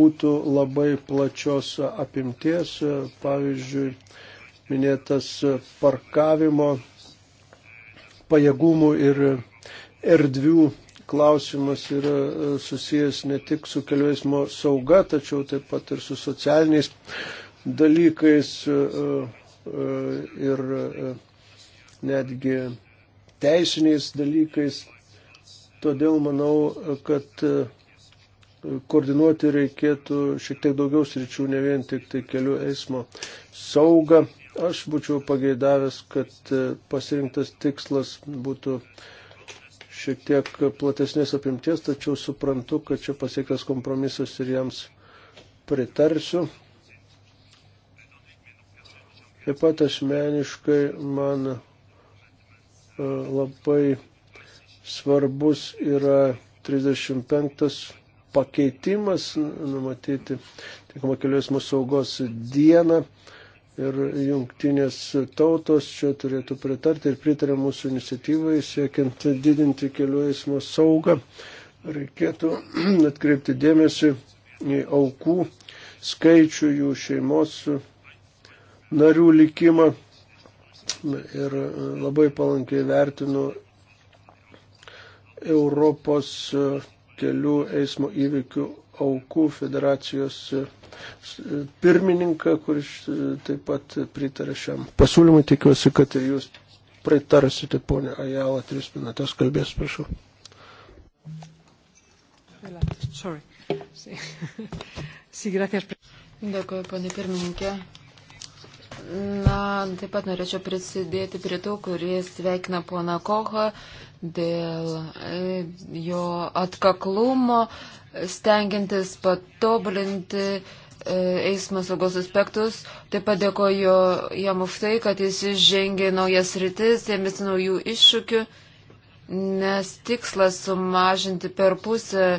būtų labai plačios apimties. Pavyzdžiui, minėtas parkavimo pajėgumų ir erdvių klausimas yra e, susijęs ne tik su kelių eismo sauga, tačiau taip pat ir su socialiniais dalykais e, e, ir netgi teisiniais dalykais. Todėl manau, kad koordinuoti reikėtų šiek tiek daugiau sričių, ne vien tik tai kelių eismo saugą. Aš būčiau pageidavęs, kad e, pasirinktas tikslas būtų šiek tiek platesnės apimties, tačiau suprantu, kad čia pasiektas kompromisas ir jiems pritarsiu. Taip pat asmeniškai man e, labai svarbus yra 35 pakeitimas numatyti tinkamą kelių eismo saugos dieną ir jungtinės tautos čia turėtų pritarti ir pritarė mūsų iniciatyvai, siekiant didinti kelių eismo saugą. Reikėtų <clears throat> atkreipti dėmesį į aukų skaičių, jų šeimos narių likimą ir e, labai palankiai vertinu Europos e, kelių eismo įvykių aukų federacijos e, e, pirmininką, kuris e, taip pat pritarė šiam pasiūlymui. Tikiuosi, kad ir jūs pritarsite, ponė Ajala, tris minutės kalbės, prašau. <laughs> Dėkuoju, ponė pirmininkė. Na, taip pat norėčiau prisidėti prie tų, kuris sveikina poną Kochą dėl e, jo atkaklumo, stengiantis patobulinti e, eismo saugos aspektus. Taip pat dėkoju jam už tai, kad jis žengė naujas rytis, ėmėsi naujų iššūkių, nes tikslas sumažinti per pusę e,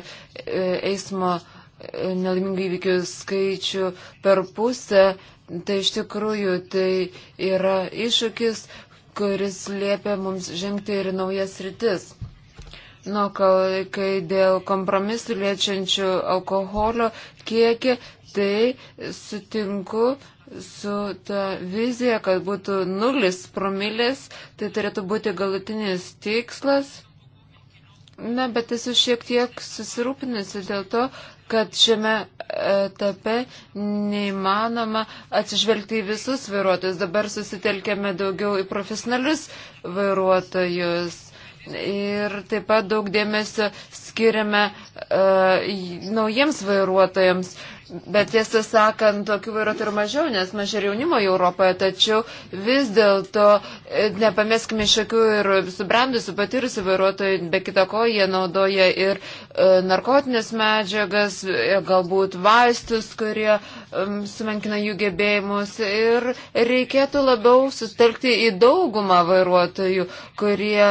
eismo nelaimingų įvykių skaičių per pusę Tai iš tikrųjų tai yra iššūkis, kuris liepia mums žengti ir naujas rytis. Nu, kai dėl kompromisų liečiančių alkoholio kiekį, tai sutinku su ta vizija, kad būtų nulis promilės, tai turėtų būti galutinis tikslas. Na, bet esu šiek tiek susirūpinusi dėl to, kad šiame etape neįmanoma atsižvelgti į visus vairuotojus. Dabar susitelkėme daugiau į profesionalius vairuotojus. Ir taip pat daug dėmesio skiriame uh, naujiems vairuotojams. Uh, Bet tiesą sakant, tokių vairuotojų yra mažiau, nes mažiau jaunimo Europoje, tačiau vis dėlto e, nepamėskime šakių ir subrendusių, patyrusių vairuotojų, be kita ko, jie naudoja ir e, narkotinės medžiagas, e, galbūt vaistus, kurie e, sumenkina jų gebėjimus. Ir reikėtų labiau sustelkti į daugumą vairuotojų, kurie,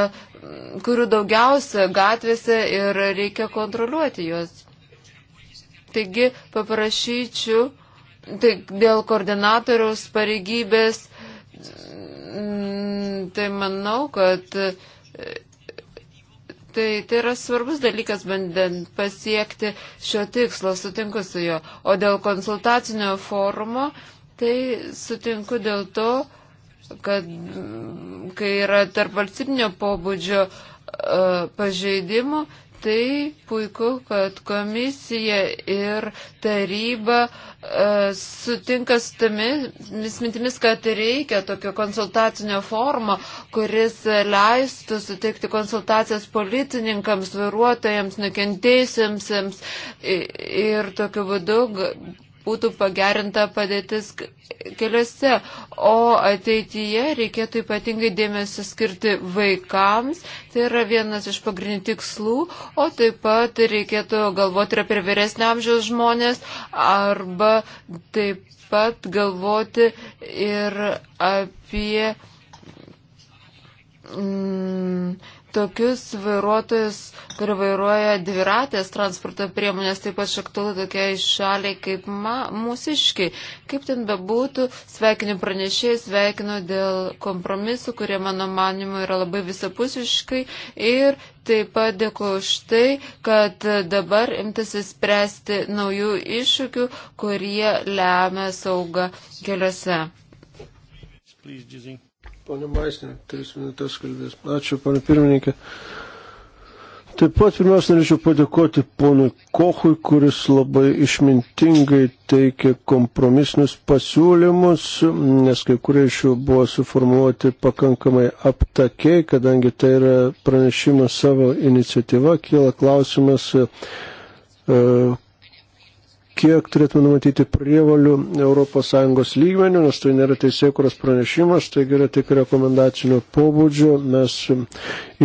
kurių daugiausia gatvėse ir reikia kontroliuoti juos. Taigi paprašyčiau tai dėl koordinatoriaus pareigybės, mm, tai manau, kad tai, tai yra svarbus dalykas bandant pasiekti šio tikslo, sutinku su juo. O dėl konsultacinio forumo, tai sutinku dėl to, kad mm, kai yra tarp valstybinio pobūdžio uh, pažeidimų, tai puiku, kad komisija ir taryba e, sutinka su tamis mintimis, kad reikia tokio konsultacinio formo, kuris leistų suteikti konsultacijas policininkams, vairuotojams, nukentėjusiems ir tokiu būdu būtų pagerinta padėtis keliuose, o ateityje reikėtų ypatingai dėmesį skirti vaikams, tai yra vienas iš pagrindinių tikslų, o taip pat reikėtų galvoti ir apie vyresnio amžiaus žmonės, arba taip pat galvoti ir apie. Mm, tokius vairuotojus, kurie vairuoja dviratės transporto priemonės, taip pat šaktalu tokiai šaliai kaip ma, mūsiški. Kaip ten bebūtų, sveikinu pranešėjai, sveikinu dėl kompromisų, kurie mano manimu yra labai visapusiškai ir taip pat dėkuoju už tai, kad dabar imtasi spręsti naujų iššūkių, kurie lemia saugą keliuose. Please, Pone Maisnė, tris minutės kalbės. Ačiū, pane pirmininkė. Taip pat pirmiausia norėčiau padėkoti ponui Kochui, kuris labai išmintingai teikė kompromisinius pasiūlymus, nes kai kurie iš jų buvo suformuoti pakankamai aptakiai, kadangi tai yra pranešimas savo iniciatyva, kyla klausimas, e, kiek turėtume numatyti prievalių ES lygmenių, nes tai nėra teisėkuros pranešimas, tai yra tik rekomendacinio pobūdžio. Mes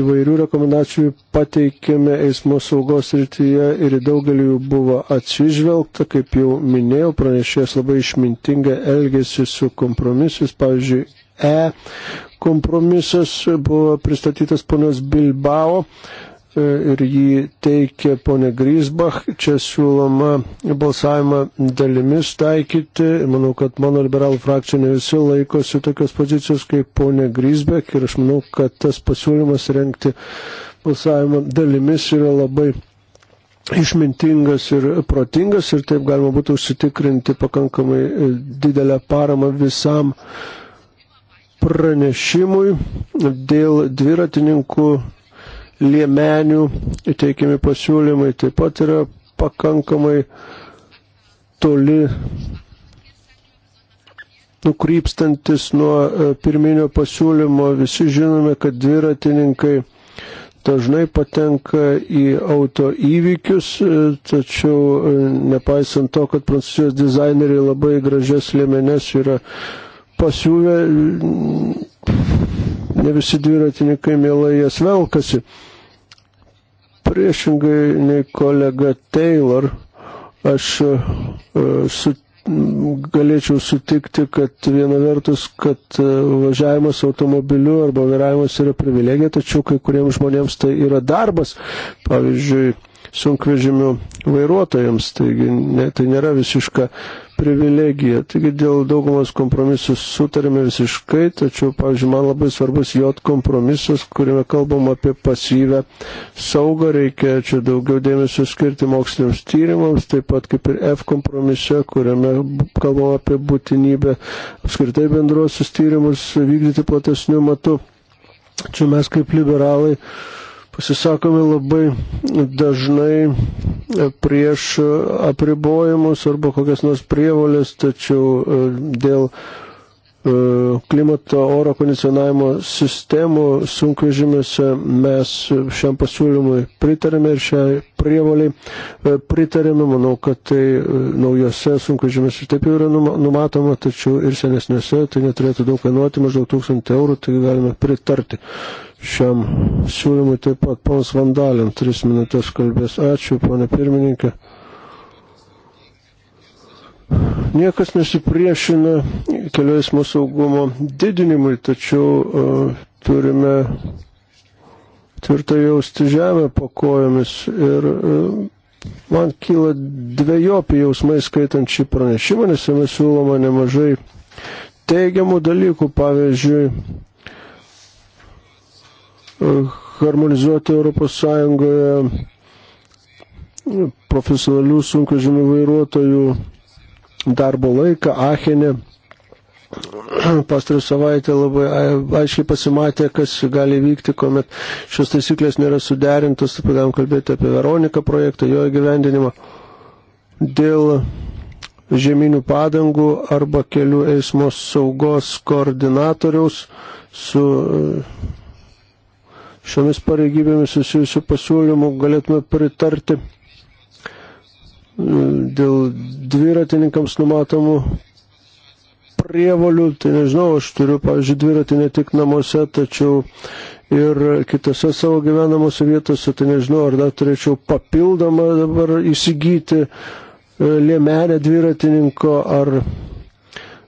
įvairių rekomendacijų pateikėme eismo saugos rytyje ir į daugelį jų buvo atsižvelgta, kaip jau minėjau, pranešėjas labai išmintingai elgėsi su kompromisus, pavyzdžiui, E kompromisas buvo pristatytas ponios Bilbao ir jį teikia ponė Grisbach. Čia siūloma balsavimą dalimis taikyti. Manau, kad mano liberalų frakcija ne visi laikosi tokios pozicijos kaip ponė Grisbach ir aš manau, kad tas pasiūlymas renkti balsavimą dalimis yra labai išmintingas ir protingas ir taip galima būtų užsitikrinti pakankamai e, didelę paramą visam pranešimui dėl dviratininkų liemenių teikiami pasiūlymai taip pat yra pakankamai toli nukrypstantis nuo e, pirminio pasiūlymo. Visi žinome, kad dviratininkai dažnai patenka į auto įvykius, e, tačiau e, nepaisant to, kad prancūzijos dizaineriai labai gražias liemenes yra pasiūlę, ne visi dviratininkai mielai jas velkasi. Priešingai nei kolega Taylor, aš e, su, galėčiau sutikti, kad viena vertus, kad e, važiavimas automobiliu arba vairavimas yra privilegija, tačiau kai kuriems žmonėms tai yra darbas. Pavyzdžiui, sunkvežimių vairuotojams, taigi ne, tai nėra visiška privilegija. Taigi dėl daugumos kompromisų sutarėme visiškai, tačiau, pavyzdžiui, man labai svarbus jot kompromisas, kuriame kalbam apie pasyvę saugą, reikia čia daugiau dėmesio skirti moksliniams tyrimams, taip pat kaip ir F kompromise, kuriame kalbam apie būtinybę apskritai bendruosius tyrimus vykdyti platesniu matu. Čia mes kaip liberalai pasisakome labai dažnai prieš apribojimus arba kokias nors prievolės, tačiau e, dėl e, klimato oro kondicionavimo sistemų sunkvežimėse mes šiam pasiūlymui pritarėme ir šiai prievoliai e, pritarėme. Manau, kad tai naujose sunkvežimėse taip jau yra numatoma, tačiau ir senesnėse tai neturėtų daug kainuoti, maždaug 1000 eurų, tai galime pritarti šiam siūlymui. Taip pat paus Vandalin, tris minutės kalbės. Ačiū, ponė pirmininkė. Niekas nesipriešina kelių eismo saugumo didinimui, tačiau uh, turime tvirtai jausti žemę po kojomis ir uh, man kyla dviejopi jausmai skaitant šį pranešimą, nes jame siūloma nemažai teigiamų dalykų, pavyzdžiui, harmonizuoti ES profesionalių sunkvežimių vairuotojų darbo laiką. Achenė pastarį savaitę labai aiškiai pasimatė, kas gali vykti, kuomet šios taisyklės nėra suderintos, taip galim kalbėti apie Veroniką projektą, jo įgyvendinimą. Dėl žeminių padangų arba kelių eismo saugos koordinatoriaus su šiomis pareigybėmis susijusių pasiūlymų galėtume pritarti dėl dviratininkams numatomų prievolių, tai nežinau, aš turiu, pavyzdžiui, dviratį ne tik namuose, tačiau ir kitose savo gyvenamose vietose, tai nežinau, ar dar turėčiau papildomą dabar įsigyti e, liemelę dviratininko, ar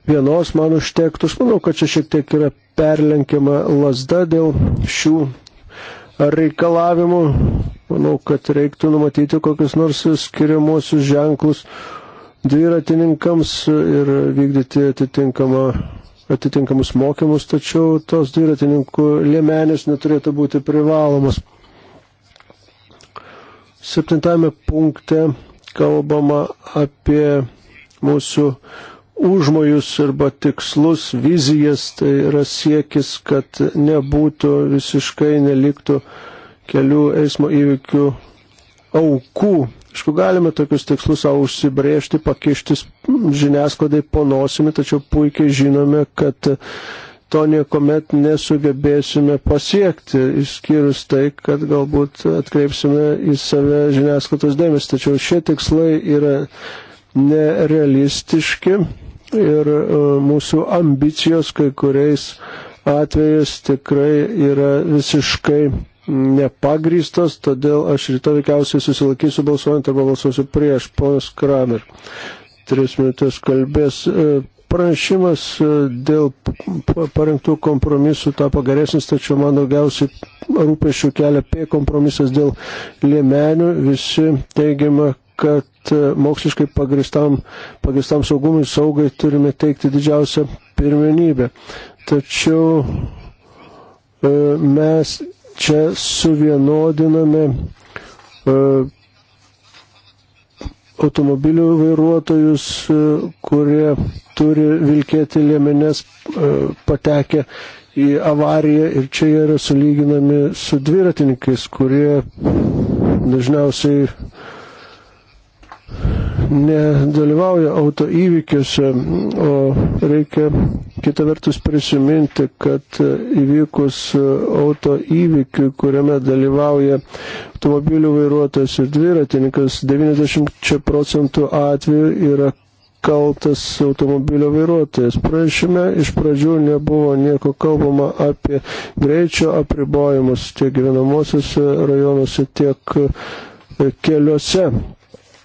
vienos man užtektų. Aš manau, kad čia šiek tiek yra perlenkiama lasda dėl šių reikalavimų. Manau, kad reiktų numatyti kokius nors skiriamuosius ženklus dviratininkams ir vykdyti atitinkamą atitinkamus mokymus, tačiau tos dviratininkų liemenės neturėtų būti privalomas. Septintame punkte kalbama apie mūsų uh, užmojus arba tikslus, vizijas, tai yra siekis, kad nebūtų visiškai neliktų kelių eismo įvykių aukų. Aišku, galime tokius tikslus savo užsibriežti, pakištis žiniasklaidai po nosimi, tačiau puikiai žinome, kad to niekuomet nesugebėsime pasiekti, išskyrus tai, kad galbūt atkreipsime į save žiniasklaidos dėmesį. Tačiau šie tikslai yra nerealistiški ir e, mūsų ambicijos kai kuriais atvejais tikrai yra visiškai nepagrystos, todėl aš ryto veikiausiai susilakysiu balsuojant arba balsuosiu prieš ponas Kramer. Tris minutės kalbės. E, pranešimas e, dėl parengtų kompromisų tapo geresnis, tačiau man daugiausiai rūpešių kelia P kompromisas dėl liemenių. Visi teigiama, kad e, moksliškai pagristam, pagristam saugumui saugai turime teikti didžiausią pirmenybę. Tačiau e, mes čia suvienodiname e, automobilių vairuotojus, kurie turi vilkėti liemenės patekę į avariją ir čia jie yra sulyginami su dviratininkais, kurie dažniausiai nedalyvauja auto įvykiuose, o reikia kitą vertus prisiminti, kad įvykus auto įvykiu, kuriame dalyvauja automobilių vairuotojas ir dviratininkas, 90 procentų atveju yra kaltas automobilio vairuotojas. Prašyme iš pradžių nebuvo nieko kalbama apie greičio apribojimus tiek gyvenamosiuose rajonuose, tiek keliuose.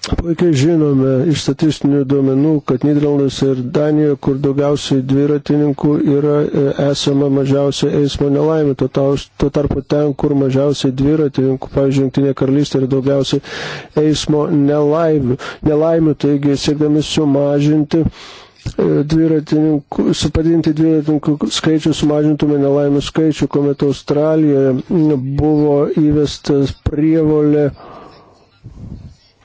Puikiai žinome iš statistinių duomenų, kad Niderlanduose ir Danijoje, kur daugiausiai dviratininkų yra e, esama mažiausia eismo nelaimė, tuo tarpu ten, kur mažiausiai dviratininkų, pavyzdžiui, Junktinė karalystė yra daugiausiai eismo nelaimių. nelaimių taigi, siekdami sumažinti e, dviratininkų, supadinti dviratininkų skaičių, sumažintume nelaimių skaičių, kuomet Australijoje buvo įvestas prievolė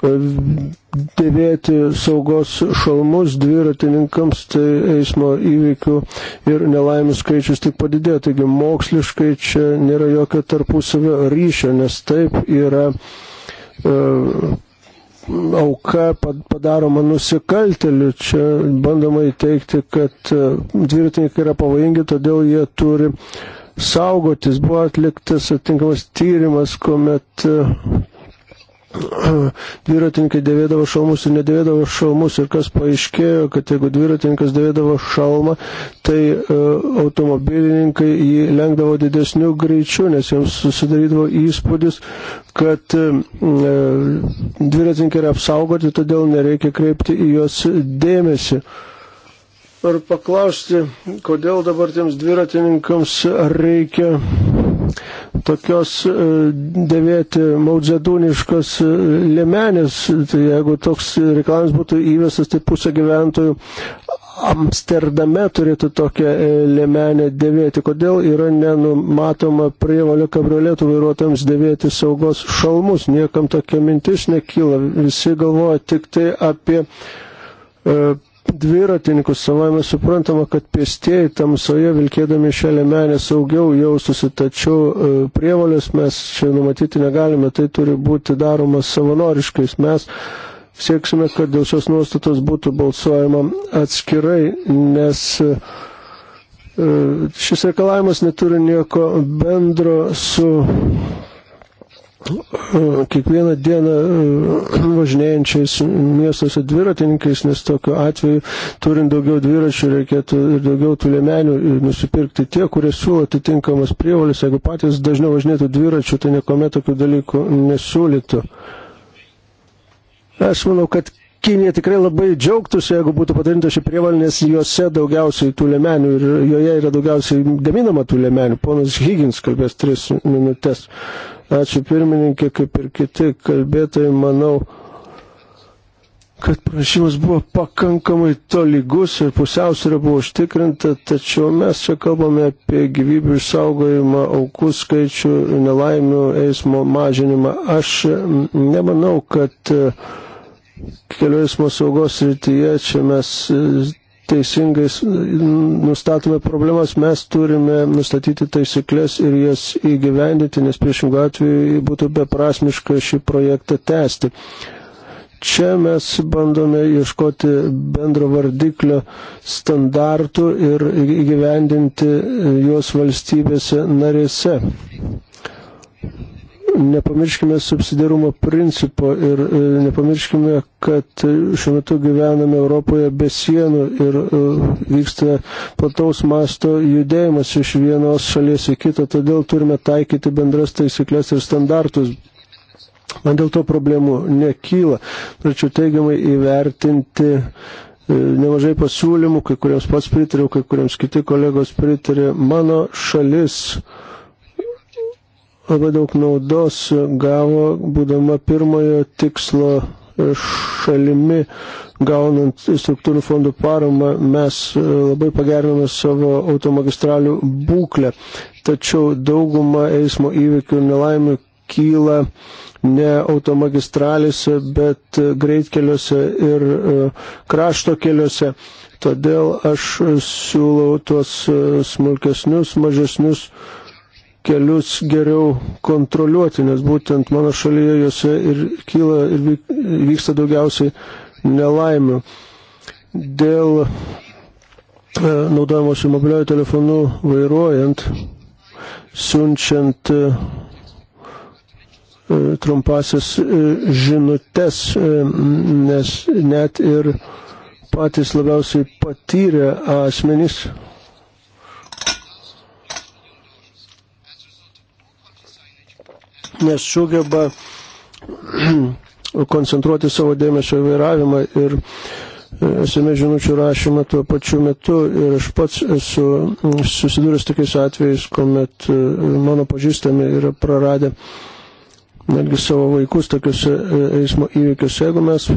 dėvėti saugos šalmus dviratininkams, tai eismo įvykių ir nelaimių skaičius tik padidėjo. Taigi moksliškai čia nėra jokio tarpusavio ryšio, nes taip yra e, auka padaroma nusikalteliu. Čia bandoma įteikti, kad e, dviratininkai yra pavojingi, todėl jie turi saugotis. Buvo atliktas atitinkamas tyrimas, kuomet e, dviratininkai dėvėdavo šalmus ir nedėvėdavo šalmus ir kas paaiškėjo, kad jeigu dviratininkas dėvėdavo šalmą, tai e, automobilininkai jį lengdavo didesniu greičiu, nes jiems susidarydavo įspūdis, kad e, dviratininkai yra apsaugoti, todėl nereikia kreipti į juos dėmesį. Ar paklausti, kodėl dabar tiems dviratininkams reikia tokios e, dėvėti maudzedūniškos e, lėmenės. Tai jeigu toks reikalavimas būtų įvestas, tai pusė gyventojų Amsterdame turėtų tokią e, lėmenę dėvėti. Kodėl yra nenumatoma prievalio kabrioletų vairuotojams dėvėti saugos šalmus? Niekam tokia mintis nekyla. Visi galvoja tik tai apie e, dviratininkus savame suprantama, kad pėstieji tamsoje vilkėdami šią lemenę saugiau jaustusi, tačiau e, prievalės mes čia numatyti negalime, tai turi būti daroma savanoriškais. Mes sieksime, kad dėl šios nuostatos būtų balsuojama atskirai, nes e, e, šis reikalavimas neturi nieko bendro su kiekvieną dieną e, važinėjančiais miestuose dviratininkais, nes tokiu atveju turint daugiau dviračių reikėtų ir daugiau tų lėmenių e, nusipirkti tie, kurie siūlo atitinkamas prievalis. Jeigu patys dažniau važinėtų dviračių, tai niekuomet tokių dalykų nesiūlytų. Aš manau, kad Kinija tikrai labai džiaugtųsi, jeigu būtų padarinta ši prievalė, nes juose daugiausiai tų lėmenių ir joje yra daugiausiai gaminama tų lėmenių. Ponas Higgins kalbės tris minutės. Ačiū pirmininkė, kaip ir kiti kalbėtojai, manau, kad prašymas buvo pakankamai tolygus ir pusiausvyrė buvo užtikrinta, tačiau mes čia kalbame apie gyvybių išsaugojimą, aukų skaičių, nelaimių, eismo mažinimą. Aš nemanau, kad kelių eismo saugos rytyje čia mes teisingai nustatome problemas, mes turime nustatyti taisyklės ir jas įgyvendyti, nes priešingų atveju būtų beprasmiška šį projektą tęsti. Čia mes bandome ieškoti bendro vardiklio standartų ir įgyvendinti juos valstybėse narėse. Nepamirškime subsidiarumo principo ir e, nepamirškime, kad e, šiuo metu gyvename Europoje be sienų ir e, vyksta plataus masto judėjimas iš vienos šalies į kitą, todėl turime taikyti bendras taisyklės ir standartus. Man dėl to problemų nekyla, tačiau teigiamai įvertinti nemažai pasiūlymų, kai kuriems pats pritariau, kai kuriems kiti kolegos pritarė. Mano šalis labai daug naudos gavo, būdama pirmojo tikslo šalimi, gaunant struktūrų fondų paramą, mes e, labai pagerinome savo automagistralių būklę. Tačiau dauguma eismo įvykių nelaimių kyla ne automagistralėse, bet greitkeliuose ir e, krašto keliuose. Todėl aš siūlau tuos e, smulkesnius, mažesnius uh, kelius geriau kontroliuoti, nes būtent mano šalyje juose ir kyla ir vyksta daugiausiai nelaimių. Dėl e, naudojimuose mobiliojo telefonu vairuojant, siunčiant e, trumpasis e, žinutes, nes net ir patys labiausiai patyrę asmenys nesugeba <clears throat> koncentruoti savo dėmesio vairavimą ir e, esame žinučių rašymą tuo pačiu metu ir aš pats esu susidūręs tokiais atvejais, kuomet e, mano pažįstami yra praradę netgi savo vaikus tokiuose e, eismo įvykiuose. Jeigu mes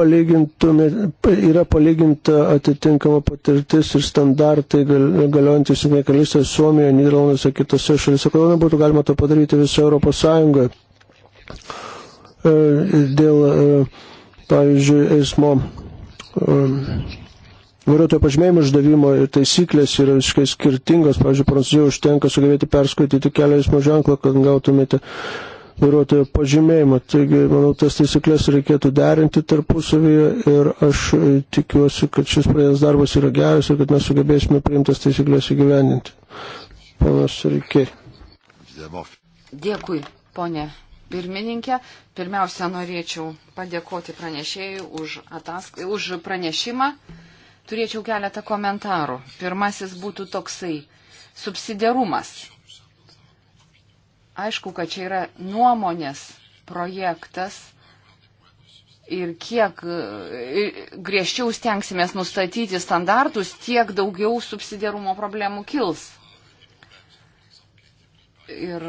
yra palyginta atitinkama patirtis ir standartai gal, galiojantis Junktinėje karalystėje, Suomijoje, Niderlanduose, kitose šalise. Kodėl nebūtų galima to padaryti visoje Europos Sąjungoje? E, dėl, e, pavyzdžiui, eismo e, vairuotojo pažymėjimo išdavimo ir taisyklės yra visiškai skirtingos. Pavyzdžiui, Prancūzijoje užtenka sugebėti perskaityti kelio eismo ženklą, kad gautumėte vairuotojo pažymėjimą. Taigi, manau, tas taisyklės reikėtų derinti tarpusavyje ir aš e, tikiuosi, kad šis pradėtas darbas yra geras ir kad mes sugebėsime priimtas taisyklės įgyvendinti. Panas Reikiai. Dėkui, ponė pirmininkė. Pirmiausia, norėčiau padėkoti pranešėjui už, atask... už pranešimą. Turėčiau keletą komentarų. Pirmasis būtų toksai subsidiarumas Aišku, kad čia yra nuomonės projektas ir kiek e, griežčiau stengsimės nustatyti standartus, tiek daugiau subsidiarumo problemų kils. Ir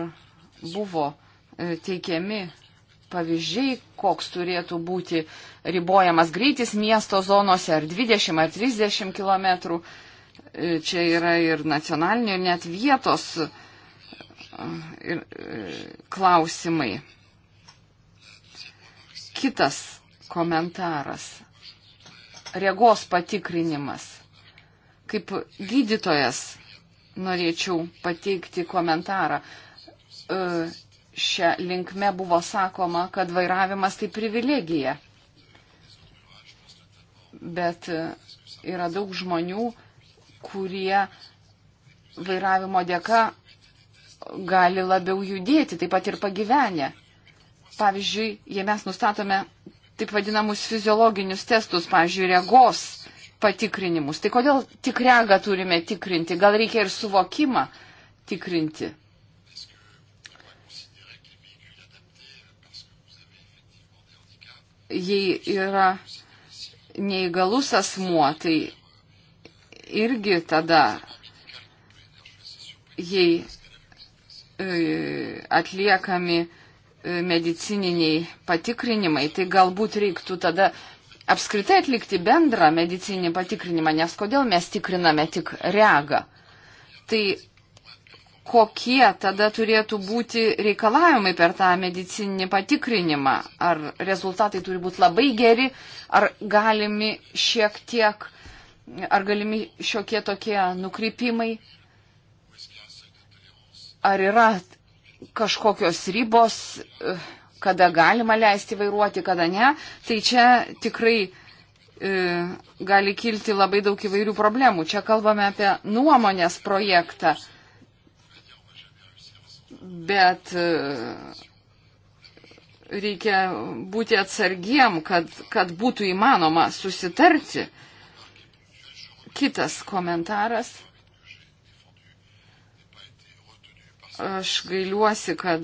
buvo e, teikiami pavyzdžiai, koks turėtų būti ribojamas greitis miesto zonose ar 20 ar 30 km. E, čia yra ir nacionalinio, ir net vietos uh, ir, e, klausimai. Kitas komentaras. Regos patikrinimas. Kaip gydytojas norėčiau pateikti komentarą. E, Šią linkme buvo sakoma, kad vairavimas tai privilegija. Bet e, yra daug žmonių, kurie vairavimo dėka gali labiau judėti, taip pat ir pagyvenę. Pavyzdžiui, jei mes nustatome taip vadinamus fiziologinius testus, pavyzdžiui, regos patikrinimus, tai kodėl tik regą turime tikrinti, gal reikia ir suvokimą tikrinti. Jei yra neįgalus asmuo, tai irgi tada, jei E, atliekami e, medicininiai patikrinimai, tai galbūt reiktų tada apskritai atlikti bendrą medicininį patikrinimą, nes kodėl mes tikriname tik regą. Tai kokie tada turėtų būti reikalavimai per tą medicininį patikrinimą? Ar rezultatai turi būti labai geri, ar galimi šiek tiek, ar galimi šiokie tokie nukrypimai? ar yra kažkokios ribos, kada galima leisti vairuoti, kada ne, tai čia tikrai e, gali kilti labai daug įvairių problemų. Čia kalbame apie nuomonės projektą, bet e, reikia būti atsargiem, kad, kad būtų įmanoma susitarti. Kitas komentaras. Aš gailiuosi, kad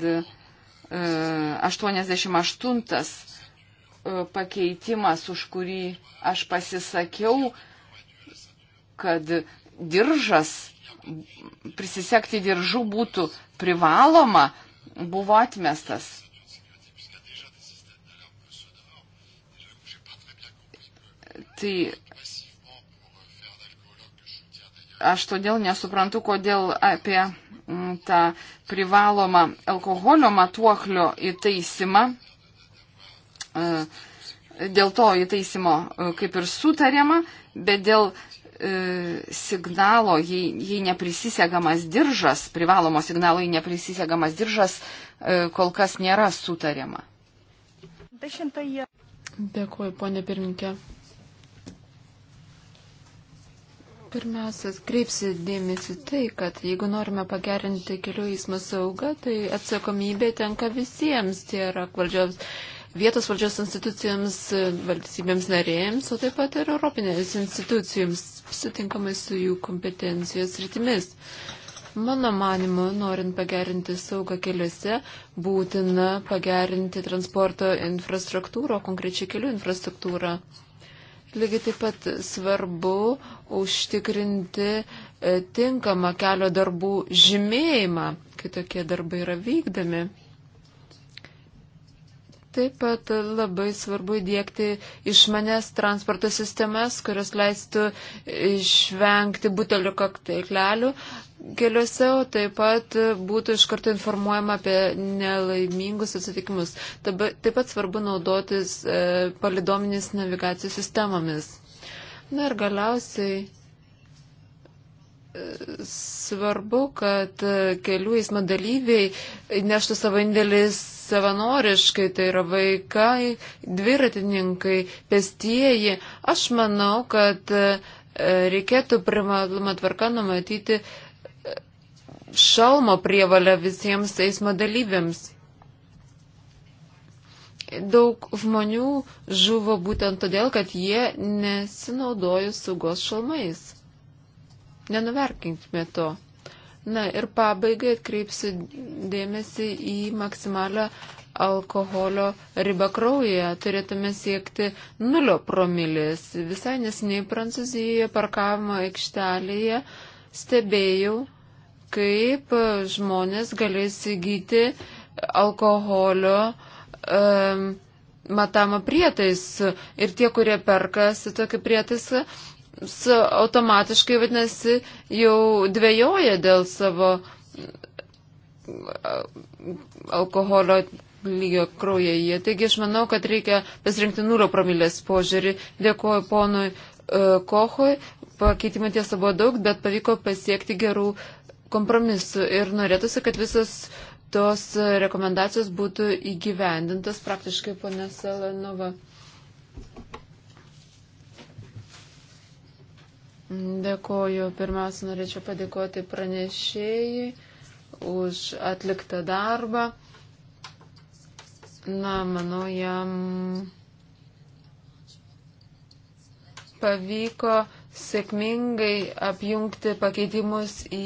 88 e, e, pakeitimas, už kurį aš pasisakiau, kad diržas, prisisekti diržų būtų privaloma, buvo atmestas. Tai aš todėl nesuprantu, kodėl apie tą privalomą alkoholio matuoklio įtaisimą. E, dėl to įtaisimo e, kaip ir sutariama, bet dėl e, signalo, jei, jei neprisisegamas diržas, privalomo signalo, jei neprisisegamas diržas, kol kas nėra sutariama. Dėkuoju, ponė pirmininkė. Pirmiausia, kreipsiu dėmesį tai, kad jeigu norime pagerinti kelių eismo saugą, tai atsakomybė tenka visiems, tai yra valdžios, vietos valdžios institucijams, valstybėms narėjams, o taip pat ir europinės institucijams, sutinkamai su jų kompetencijos rytimis. Mano manimu, norint pagerinti saugą keliuose, būtina pagerinti transporto infrastruktūrą, konkrečiai kelių infrastruktūrą. Lygiai taip pat svarbu užtikrinti e, tinkamą kelio darbų žymėjimą, kai tokie darbai yra vykdami. Taip pat labai svarbu įdėkti išmanes transporto sistemas, kurios leistų išvengti butelių kokteilių keliuose, o taip pat būtų iš karto informuojama apie nelaimingus atsitikimus. Taip pat svarbu naudotis e, palidominis navigacijos sistemomis. Na ir galiausiai svarbu, kad kelių eismo dalyviai neštų savo indėlį savanoriškai, tai yra vaikai, dviratininkai, pestieji. Aš manau, kad e, reikėtų privalumą tvarką numatyti e, šalmo prievalę visiems eismo dalyviams. Daug žmonių žuvo būtent todėl, kad jie nesinaudojo saugos šalmais nenuverkinkime to. Na ir pabaigai atkreipsiu dėmesį į maksimalę alkoholio ribą kraujyje. Turėtume siekti nulio promilės. Visai nesiniai Prancūzijoje parkavimo aikštelėje stebėjau, kaip žmonės galės įgyti alkoholio um, matamą prietaisą. Ir tie, kurie perka su tokiu prietaisu, uh, automatiškai, vadinasi, jau dvėjoja dėl savo alkoholio lygio kraujyje. Taigi aš manau, kad reikia pasirinkti nulio promilės požiūrį. Dėkuoju ponui e, Kohui. Pakeitimų tiesa buvo daug, bet pavyko pasiekti gerų kompromisų ir norėtųsi, kad visas tos rekomendacijos būtų įgyvendintas praktiškai, ponė Selenova. Dėkoju. Pirmiausia, norėčiau padėkoti pranešėjai už atliktą darbą. Na, manau, jam pavyko sėkmingai apjungti pakeitimus į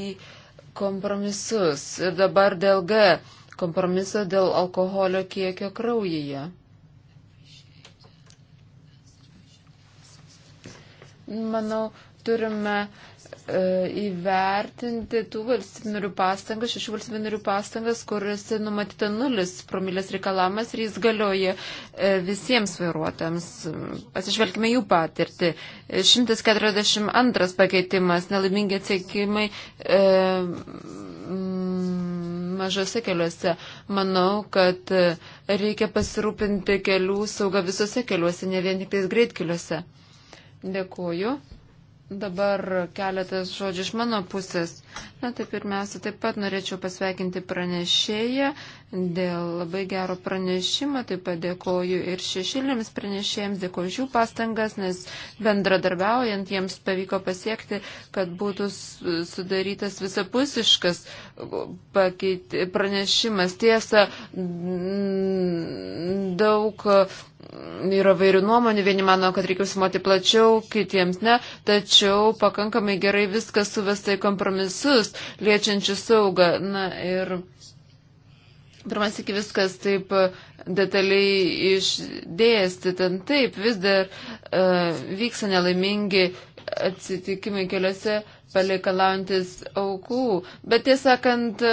kompromisus. Ir dabar dėl G kompromiso dėl alkoholio kiekio kraujyje. Manau, turime e, įvertinti tų valstybinių pastangas, šešių valstybinių pastangas, kuriuose numatyta nulis promilės reikalavimas ir jis galioja e, visiems vairuotams. Pasižvelgime jų patirtį. 142 pakeitimas, nelaimingi atsiekimai. E, mažose keliuose. Manau, kad e, reikia pasirūpinti kelių saugą visose keliuose, ne vien tik tais greitkeliuose. Dėkuoju. Dabar keletas žodžių iš mano pusės. Na tai pirmiausia, taip pat norėčiau pasveikinti pranešėją dėl labai gero pranešimo, taip pat dėkoju ir šešilėms pranešėjams, dėkoju jų pastangas, nes bendradarbiaujant jiems pavyko pasiekti, kad būtų sudarytas visapusiškas pranešimas. Tiesa, daug yra vairių nuomonių, vieni mano, kad reikia užsimoti plačiau, kitiems ne, tačiau pakankamai gerai viskas suvesta į kompromisus, liečiančių saugą. Na, ir Pirmas iki viskas taip e, detaliai išdėstytin, taip vis dar uh, vyksta nelaimingi atsitikimai keliuose paleikalaujantis aukų. Bet tiesąkant,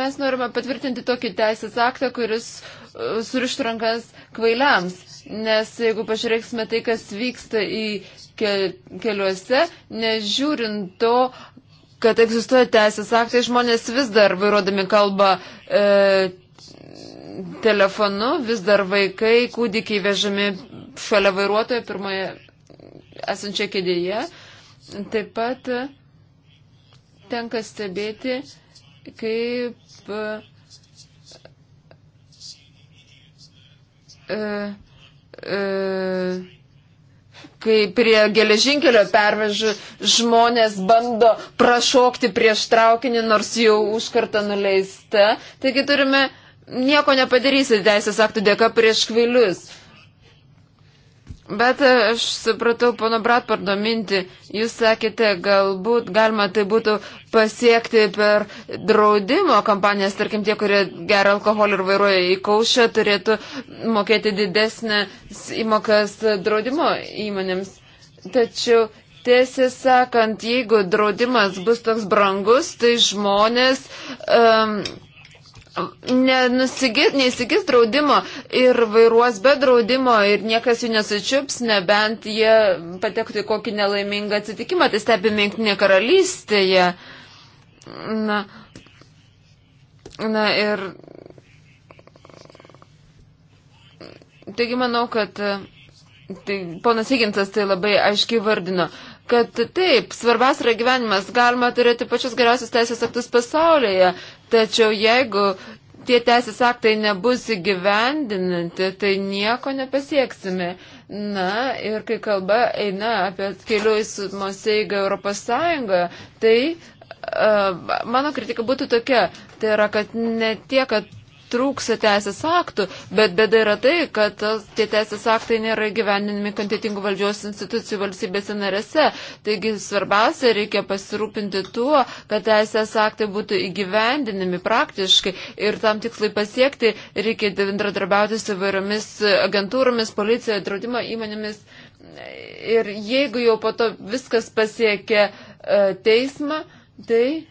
mes norime patvirtinti tokį teisės aktą, kuris uh, surištų rankas kvailiams. Nes jeigu pažiūrėksime tai, kas vyksta į keliuose, nežiūrint to, kad egzistuoja teisės aktai, žmonės vis dar vairuodami kalba e, telefonu, vis dar vaikai, kūdikiai vežami šalia vairuotojo pirmoje esančia kėdėje. Taip pat e, tenka stebėti, kaip e, e, kai prie geležinkelio pervežų žmonės bando prašokti prieš traukinį, nors jau užkarta nuleista. Taigi turime nieko nepadarysi teisės aktų dėka prieš kvailius. Bet aš supratau, pono Bratpardo mintį, jūs sakėte, galbūt galima tai būtų pasiekti per draudimo kampanijas, tarkim, tie, kurie geria alkoholį ir vairuoja į kaušę, turėtų mokėti didesnę įmokas draudimo įmonėms. Tačiau, tiesą sakant, jeigu draudimas bus toks brangus, tai žmonės. Um, nenusigis, neįsigis draudimo ir vairuos be draudimo ir niekas jų nesučiups, nebent jie patektų į kokį nelaimingą atsitikimą, tai stebime Junktinė karalystėje. Na, na ir. Taigi manau, kad tai, ponas Higintas tai labai aiškiai vardino kad taip, svarbiausia yra gyvenimas, galima turėti pačius geriausius teisės aktus pasaulyje, Tačiau jeigu tie teisės aktai nebus įgyvendinanti, tai nieko nepasieksime. Na ir kai kalba eina apie kelių įsutmo seigą Europos Sąjungoje, tai uh, mano kritika būtų tokia. Tai yra, kad ne tiek, kad trūksa teisės aktų, bet bėda yra tai, kad tie teisės aktai nėra gyveninami kantitingų valdžios institucijų valstybėse narėse. Taigi svarbiausia reikia pasirūpinti tuo, kad teisės aktai būtų įgyvendinami praktiškai ir tam tikslai pasiekti reikia bendradarbiauti su įvairiomis agentūromis, policija, draudimo įmonėmis. Ir jeigu jau po to viskas pasiekia e, teismą, tai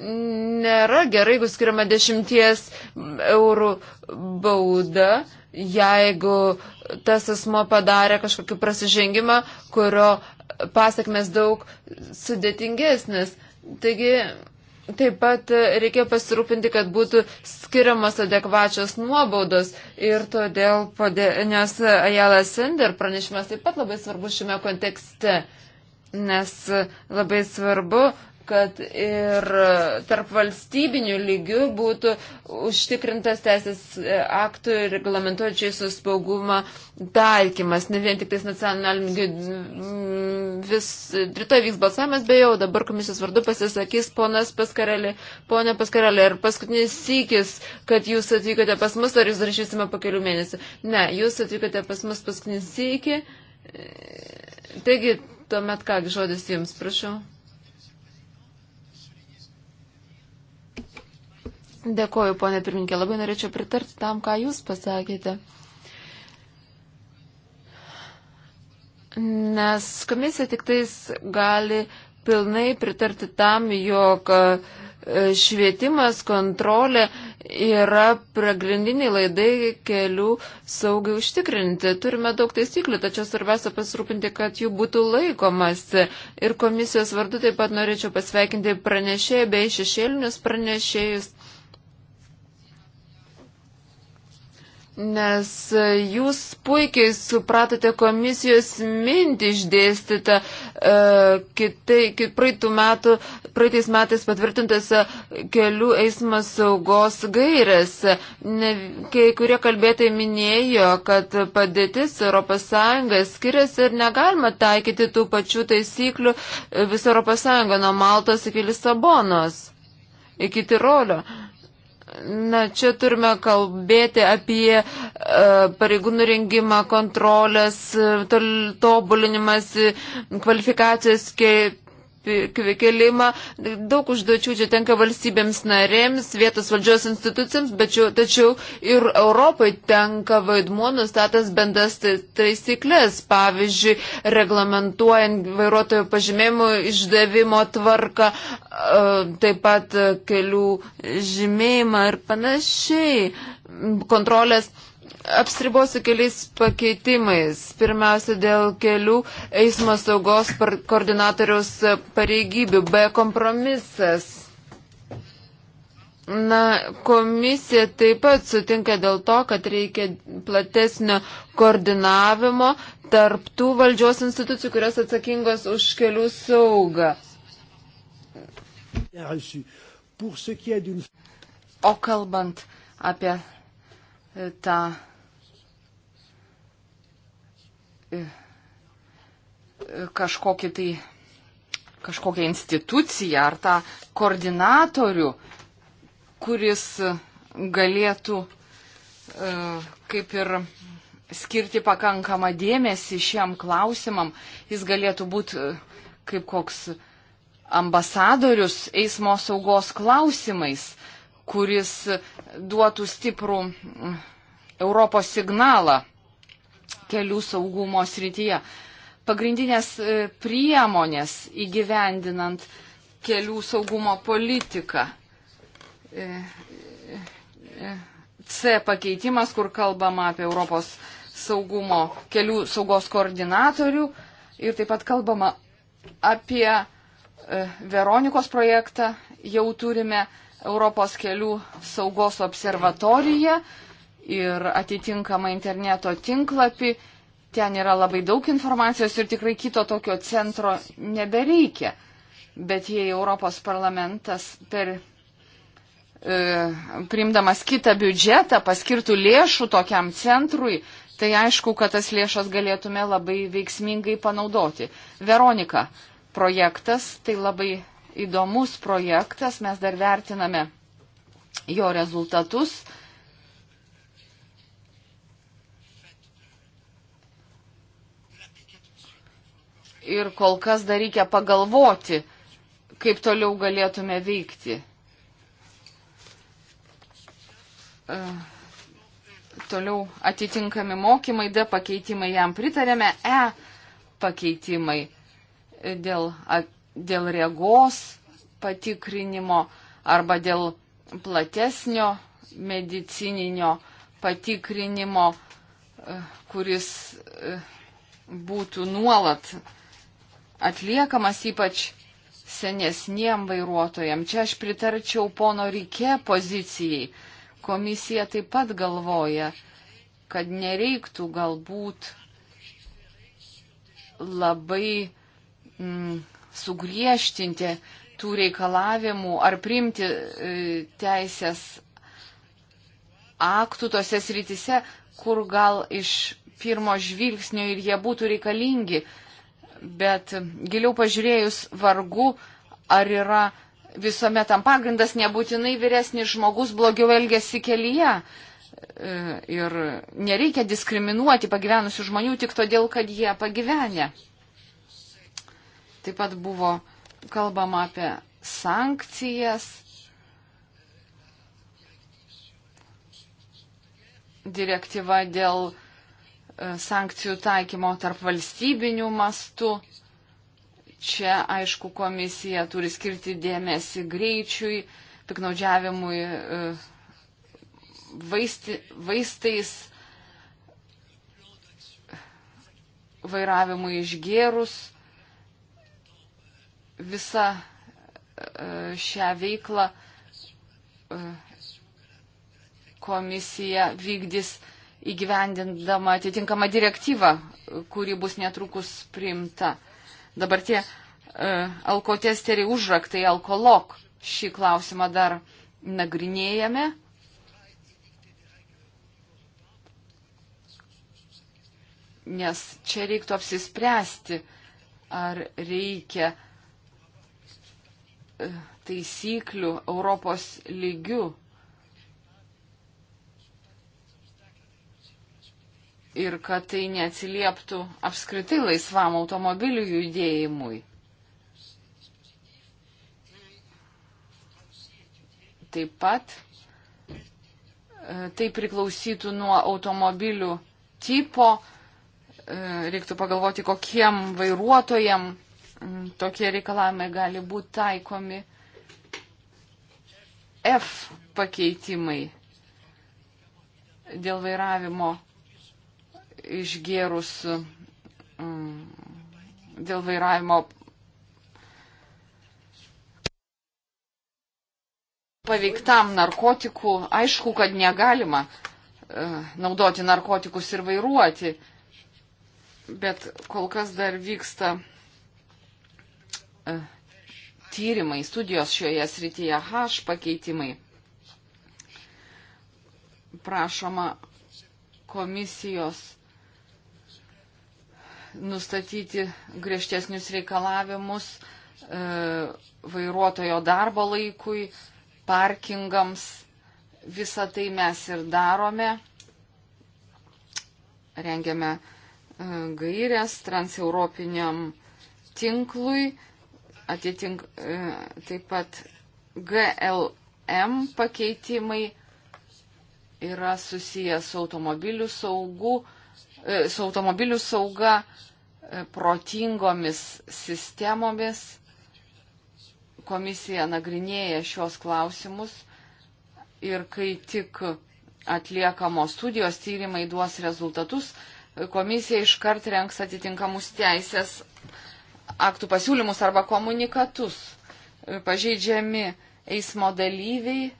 nėra gerai, jeigu skiriama dešimties eurų bauda, jeigu tas asmo padarė kažkokį prasižengimą, kurio pasakmes daug sudėtingesnis. Taigi taip pat reikia pasirūpinti, kad būtų skiriamas adekvačios nuobaudos ir todėl, podė, nes Ajala Sender pranešimas taip pat labai svarbus šiame kontekste nes labai svarbu kad ir tarp valstybinių lygių būtų užtikrintas teisės aktų ir reglamentuočiai suspaugumą taikymas, ne vien tik tais nacionaliniu lygiu. Mm, vis rytoj vyks balsavimas, beje, o dabar komisijos vardu pasisakys ponas Paskarelė. Pone Paskarelė, ar paskutinis sykis, kad jūs atvykote pas mus, ar jūs rašysime po kelių mėnesių? Ne, jūs atvykote pas mus paskutinį sykį. Taigi, tuomet ką, žodis jums, prašau. Dėkoju, ponė pirminkė, labai norėčiau pritarti tam, ką jūs pasakėte. Nes komisija tik tais gali pilnai pritarti tam, jog e, švietimas, kontrolė yra pagrindiniai laidai kelių saugiai užtikrinti. Turime daug taisyklių, tačiau svarbiausia pasirūpinti, kad jų būtų laikomasi. Ir komisijos vardu taip pat norėčiau pasveikinti pranešėjai bei šešėlinius pranešėjus. Nes e, jūs puikiai supratote komisijos mintį išdėstytą e, kitai, kit praeitų metų, praeitais metais patvirtintose kelių eismo saugos gairėse. Ne, kai kurie kalbėtai minėjo, kad padėtis ES skiriasi ir negalima taikyti tų pačių taisyklių visą ES nuo Maltos iki Lisabonos, iki Tirolio. E, Na, čia turime kalbėti apie e, pareigūnų rengimą, kontrolės, e, tol, tobulinimas, e, kvalifikacijos ke, kelimą. Daug užduočių čia tenka valstybėms narėms, vietos valdžios institucijams, tačiau, tačiau ir Europai tenka vaidmuo nustatęs bendas tai, taisyklės, pavyzdžiui, reglamentuojant vairuotojo pažymėjimų išdavimo tvarką, e, taip pat kelių žymėjimą ir panašiai, kontrolės Apsiribosiu keliais pakeitimais. Pirmiausia, dėl kelių eismo saugos koordinatoriaus pareigybių. B kompromisas. Na, komisija taip pat sutinka dėl to, kad reikia platesnio koordinavimo tarp tų valdžios institucijų, kurios atsakingos už kelių saugą. O kalbant apie tą kažkokį tai, kažkokią instituciją ar tą koordinatorių, kuris galėtų e, kaip ir skirti pakankamą dėmesį šiam klausimam. Jis galėtų būti e, kaip koks ambasadorius eismo saugos klausimais, kuris duotų stiprų Europos signalą kelių saugumo srityje. Pagrindinės e, priemonės įgyvendinant kelių saugumo politiką. E, e, C pakeitimas, kur kalbama apie Europos saugumo kelių saugos koordinatorių ir taip pat kalbama apie Veronikos projektą. Jau turime Europos kelių saugos observatoriją, ir atitinkamą interneto tinklapį. Ten yra labai daug informacijos ir tikrai kito tokio centro nebereikia. Bet jei Europos parlamentas per e, priimdamas kitą biudžetą, paskirtų lėšų tokiam centrui, tai aišku, kad tas lėšas galėtume labai veiksmingai panaudoti. Veronika projektas, tai labai įdomus projektas, mes dar vertiname jo rezultatus. ir kol kas dar reikia pagalvoti, kaip toliau galėtume veikti. E, toliau atitinkami mokymai, D pakeitimai jam pritarėme, E pakeitimai dėl, dėl regos patikrinimo arba dėl platesnio medicininio patikrinimo, e, kuris e, būtų nuolat atliekamas ypač senesniem vairuotojam. Čia aš pritarčiau pono Rike pozicijai. Komisija taip pat galvoja, kad nereiktų galbūt labai mm, sugriežtinti tų reikalavimų ar priimti e, teisės aktų tose sritise, kur gal iš pirmo žvilgsnio ir jie būtų reikalingi, bet giliau pažiūrėjus vargu, ar yra visuomet tam pagrindas, nebūtinai vyresnis žmogus blogiau elgesi kelyje. E, ir nereikia diskriminuoti pagyvenusių žmonių tik todėl, kad jie pagyvenę. Taip pat buvo kalbama apie sankcijas. Direktyva dėl E, sankcijų taikymo tarp valstybinių mastų. Čia, aišku, komisija turi skirti dėmesį greičiui, piknaudžiavimui e, vaisti, vaistais, vairavimui išgėrus. Visa e, šią veiklą komisija vykdys įgyvendindama atitinkamą direktyvą, kuri bus netrukus priimta. Dabar tie e, alkotesteriai užraktai, alkolok, šį klausimą dar nagrinėjame. Nes čia reiktų apsispręsti, ar reikia e, taisyklių Europos lygių ir kad tai neatsilieptų apskritai laisvam automobilių judėjimui. Taip pat e, tai priklausytų nuo automobilių tipo, e, reiktų pagalvoti, kokiem vairuotojam tokie reikalavimai gali būti taikomi. F pakeitimai dėl vairavimo išgėrus mm, dėl vairavimo paveiktam narkotikų, aišku, kad negalima e, naudoti narkotikus ir vairuoti, bet kol kas dar vyksta e, tyrimai, studijos šioje srityje H pakeitimai. Prašoma komisijos nustatyti griežtesnius reikalavimus e, vairuotojo darbo laikui, parkingams. Visą tai mes ir darome. Rengiame e, gairias transeuropiniam tinklui, atitink, e, taip pat GLM pakeitimai yra susijęs su automobilių saugu, E, su automobilių sauga, e, protingomis sistemomis. Komisija nagrinėja šios klausimus ir kai tik atliekamos studijos tyrimai duos rezultatus, komisija iškart renks atitinkamus teisės aktų pasiūlymus arba komunikatus. Pažeidžiami eismo dalyviai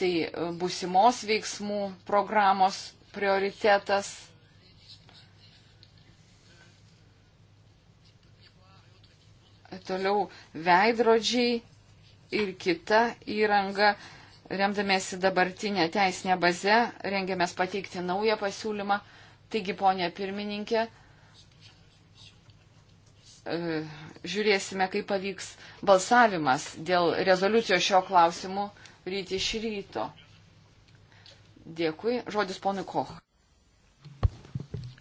tai e, būsimos veiksmų programos prioritetas. Toliau veidrodžiai ir kita įranga. Remdamėsi dabartinę teisinę bazę, rengiamės pateikti naują pasiūlymą. Taigi, ponė pirmininkė, e, žiūrėsime, kaip pavyks balsavimas dėl rezoliucijos šio klausimu ryti iš ryto. Dėkui. Žodis ponui Koch.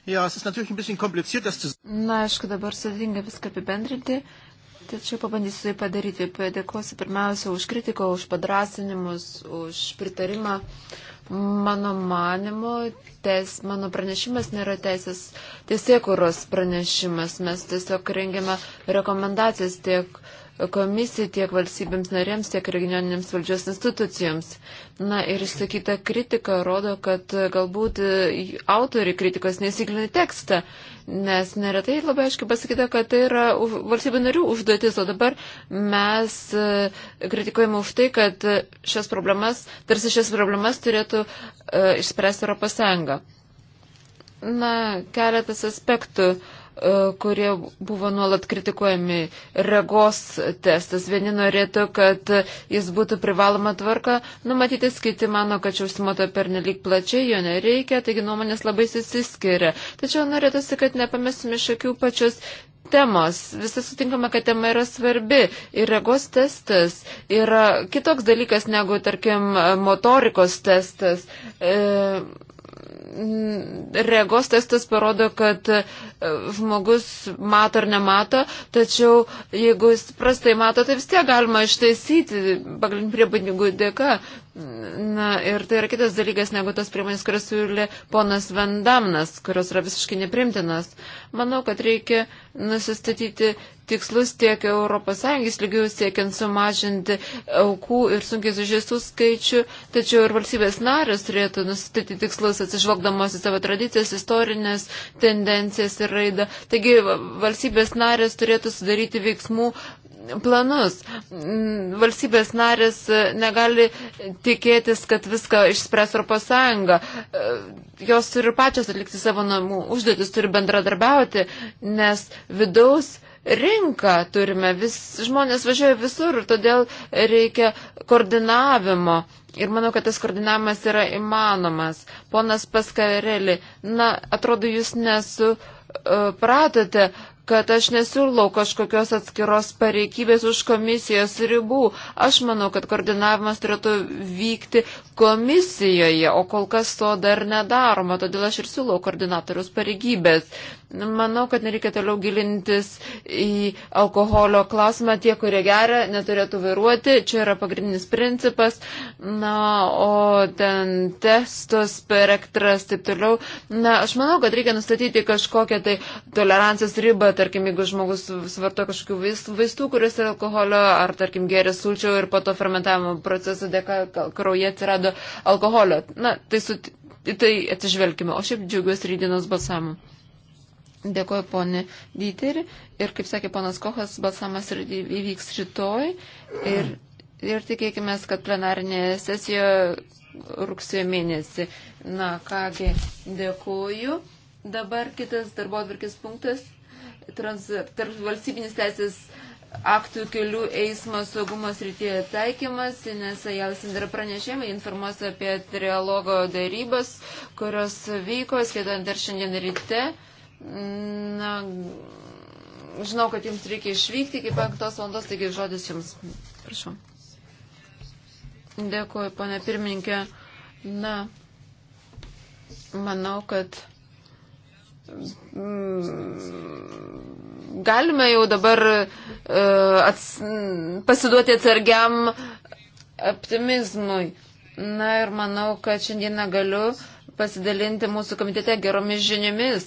Ja, Na, aišku, dabar sudėtinga viską apibendrinti, tačiau pabandysiu tai padaryti. Padėkosiu pirmiausia už kritiką, už padrasinimus, už pritarimą. Mano manimu, teis, mano pranešimas nėra teisės teisėkuros pranešimas. Mes tiesiog rengiame rekomendacijas tiek uh, komisijai, tiek valstybėms narėms, tiek regioninėms valdžios institucijoms. Na ir išsakyta kritika rodo, kad galbūt autori kritikos nesiglinį tekstą, nes neretai labai aiškiai pasakyta, kad tai yra valstybių narių užduotis, o dabar mes e, kritikuojame už tai, kad šias problemas, tarsi šias problemas turėtų uh, išspręsti Europos Sąjunga. Na, keletas aspektų. Uh, E, kurie buvo nuolat kritikuojami. Regos testas. Vieni norėtų, kad jis būtų privaloma tvarka numatytis, kiti mano, kad čia užsimota per nelik plačiai, jo nereikia, taigi nuomonės labai susiskiria. Tačiau norėtųsi, kad nepamestume šakių pačios temos. Visi sutinkame, kad tema yra svarbi. Ir regos testas yra kitoks dalykas negu, tarkim, motorikos testas. E, regos testas parodo, kad e, žmogus mato ar nemato, tačiau jeigu jis prastai mato, tai vis tiek galima ištaisyti pagrindinių priebandingų dėka. Na ir tai yra kitas dalykas negu tos priemonės, kurias siūlė ponas Vandamnas, kurios yra visiškai neprimtinos. Manau, kad reikia nusistatyti tikslus tiek ES lygių siekiant sumažinti aukų ir sunkiai sužeistų skaičių, tačiau ir valstybės narės turėtų nusistatyti tikslus atsižvelgdamos į savo tradicijas, istorinės tendencijas ir raidą. Taigi valstybės narės turėtų sudaryti veiksmų planus. Mm, valstybės narės e, negali tikėtis, kad viską išspręs Europos Sąjunga. E, jos turi pačios atlikti savo namų užduotis, turi bendradarbiauti, nes vidaus rinką turime, vis, žmonės važiuoja visur ir todėl reikia koordinavimo. Ir manau, kad tas koordinavimas yra įmanomas. Ponas Paskarelį, na, atrodo, jūs nesupratote, e, uh, kad aš nesiūlau kažkokios atskiros pareikybės už komisijos ribų. Aš manau, kad koordinavimas turėtų vykti komisijoje, o kol kas to dar nedaroma, todėl aš ir siūlau koordinatorius pareigybės. Manau, kad nereikia toliau gilintis į alkoholio klausimą. Tie, kurie geria, neturėtų vairuoti. Čia yra pagrindinis principas. Na, o ten testos, spektras, taip toliau. Na, aš manau, kad reikia nustatyti kažkokią tai tolerancijos ribą. Tarkim, jeigu žmogus svarto kažkokių vaistų, kuris yra alkoholio, ar tarkim geria sulčių ir po to fermentavimo proceso dėka kraujyje atsirado alkoholio. Na, tai su tai atsižvelgime. O šiaip džiaugiuosi rydienos balsavimu. Dėkuoju poni Dyteri ir, kaip sakė ponas Kochas, balsamas įvyks rytoj ir, ir tikėkime, kad plenarinėje sesijoje rugsėjo mėnesį. Na kągi, dėkuoju. Dabar kitas darbo atvarkis punktas - tarpvalstybinis teisės aktų kelių eismo saugumos rytyje taikymas, nes Jalsindra pranešėmai informuos apie trialogo darybas, kurios vyko, skaitant ir šiandien ryte. Na, žinau, kad jums reikia išvykti iki penktos valandos, taigi žodis jums. Prašau. Dėkuoju, ponė pirmininkė. Na, manau, kad mm, galime jau dabar e, ats, pasiduoti atsargiam optimizmui. Na ir manau, kad šiandieną galiu pasidalinti mūsų komitete geromis žiniomis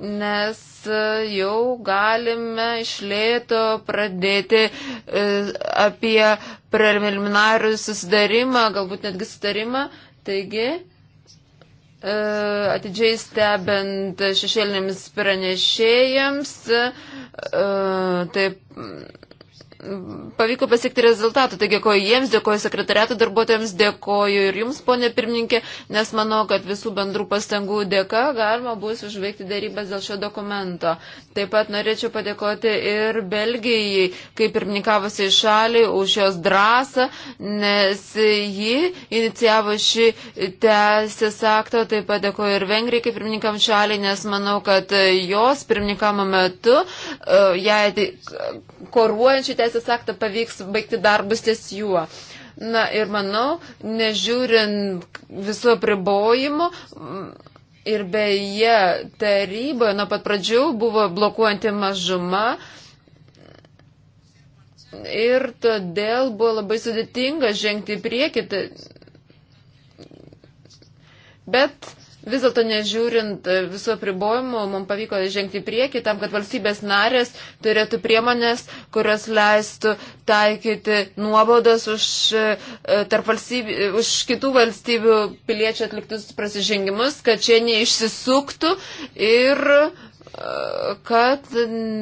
nes e, jau galime išlėto pradėti e, apie preliminarių susidarimą, galbūt netgi sudarimą. Taigi, e, atidžiai stebint šešėlinėms pranešėjams, taip pavyko pasiekti rezultatų. Tai dėkoju jiems, dėkoju sekretariato darbuotojams, dėkoju ir jums, ponė pirmininkė, nes manau, kad visų bendrų pastangų dėka galima bus užveikti darybas dėl šio dokumento. Taip pat norėčiau padėkoti ir Belgijai, kaip pirmininkavusiai šaliai, už jos drąsą, nes ji inicijavo šį teisės aktą. Taip pat dėkoju ir Vengrijai, kaip pirmininkam šaliai, nes manau, kad jos pirmininkamo metu, e, jai koruojant šį teisės teisės aktą pavyks baigti darbus ties juo. Na ir manau, nežiūrint viso pribojimo. Ir beje, taryboje nuo pat pradžių buvo blokuojanti mažuma. Ir todėl buvo labai sudėtinga žengti į priekį. Bet Vis dėlto nežiūrint e, visų apribojimų, mums pavyko žengti prieki tam, kad valstybės narės turėtų priemonės, kurios leistų taikyti nuobodas už, e, už kitų valstybių piliečių atliktus prasižengimus, kad čia neišsisuktų ir e, kad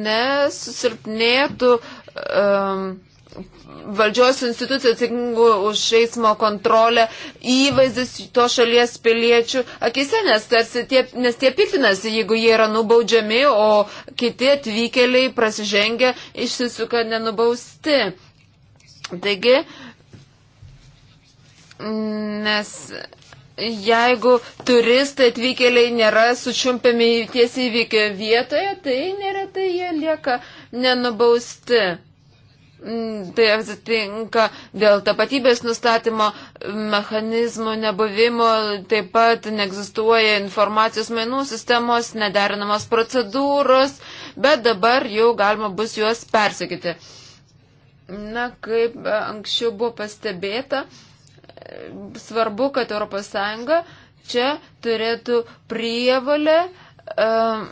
nesusilpnėtų um, valdžios institucijų atsakingų už eismo kontrolę įvaizdis to šalies piliečių akise, nes, tie, nes tie piktinasi, jeigu jie yra nubaudžiami, o kiti atvykėliai prasižengia, išsisuka nenubausti. Taigi, nes jeigu turistai atvykėliai nėra sučiumpiami tiesiai įvykio vietoje, tai neretai jie lieka nenubausti. Tai atsitinka dėl tapatybės nustatymo mechanizmo nebuvimo, taip pat neegzistuoja informacijos mainų sistemos, nederinamos procedūros, bet dabar jau galima bus juos persikyti. Na, kaip anksčiau buvo pastebėta, svarbu, kad ES čia turėtų prievalę. Uh, ehm,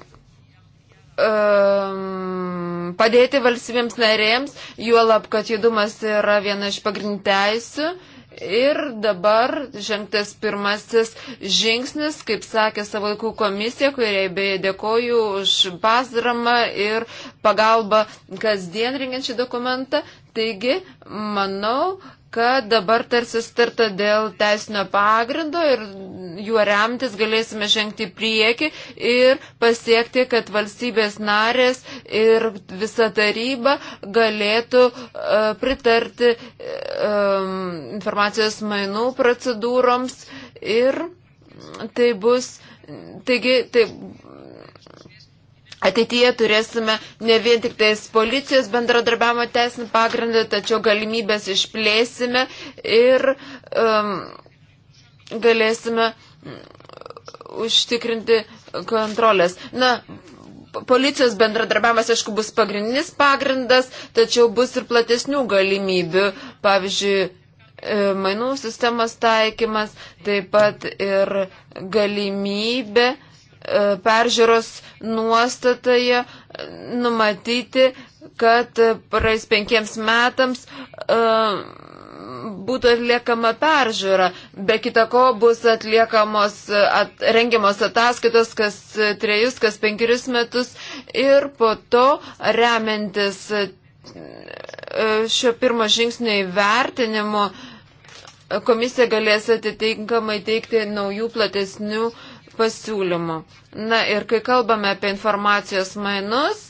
um, padėti valstybėms narėms, juolab, kad judumas yra viena iš pagrindinių teisių. Ir dabar žengtas pirmasis žingsnis, kaip sakė savo laikų komisija, kuriai beje dėkoju už pasramą ir pagalbą kasdien rengiant šį dokumentą. Taigi, manau, kad dabar tarsi starta dėl teisinio pagrindo ir juo remtis galėsime žengti į priekį ir pasiekti, kad valstybės narės ir visa taryba galėtų uh, pritarti um, informacijos mainų procedūroms ir tai bus. Taigi, tai Ateityje turėsime ne vien tik tais policijos bendradarbiavimo teisinį pagrindą, tačiau galimybės išplėsime ir um, galėsime mm, užtikrinti kontrolės. Na, policijos bendradarbiavimas, aišku, bus pagrindinis pagrindas, tačiau bus ir platesnių galimybių. Pavyzdžiui, e, mainų sistemas taikymas, taip pat ir galimybė uh, E, peržiūros nuostatoje numatyti, kad praeis penkiems metams e, būtų atliekama peržiūra. Be kita ko bus atliekamos, at, rengiamos ataskaitos kas trejus, kas penkerius metus ir po to remiantis e, šio pirmo žingsnio įvertinimo komisija galės atitinkamai teikti naujų platesnių uh, pasiūlymų. Na ir kai kalbame apie informacijos mainus,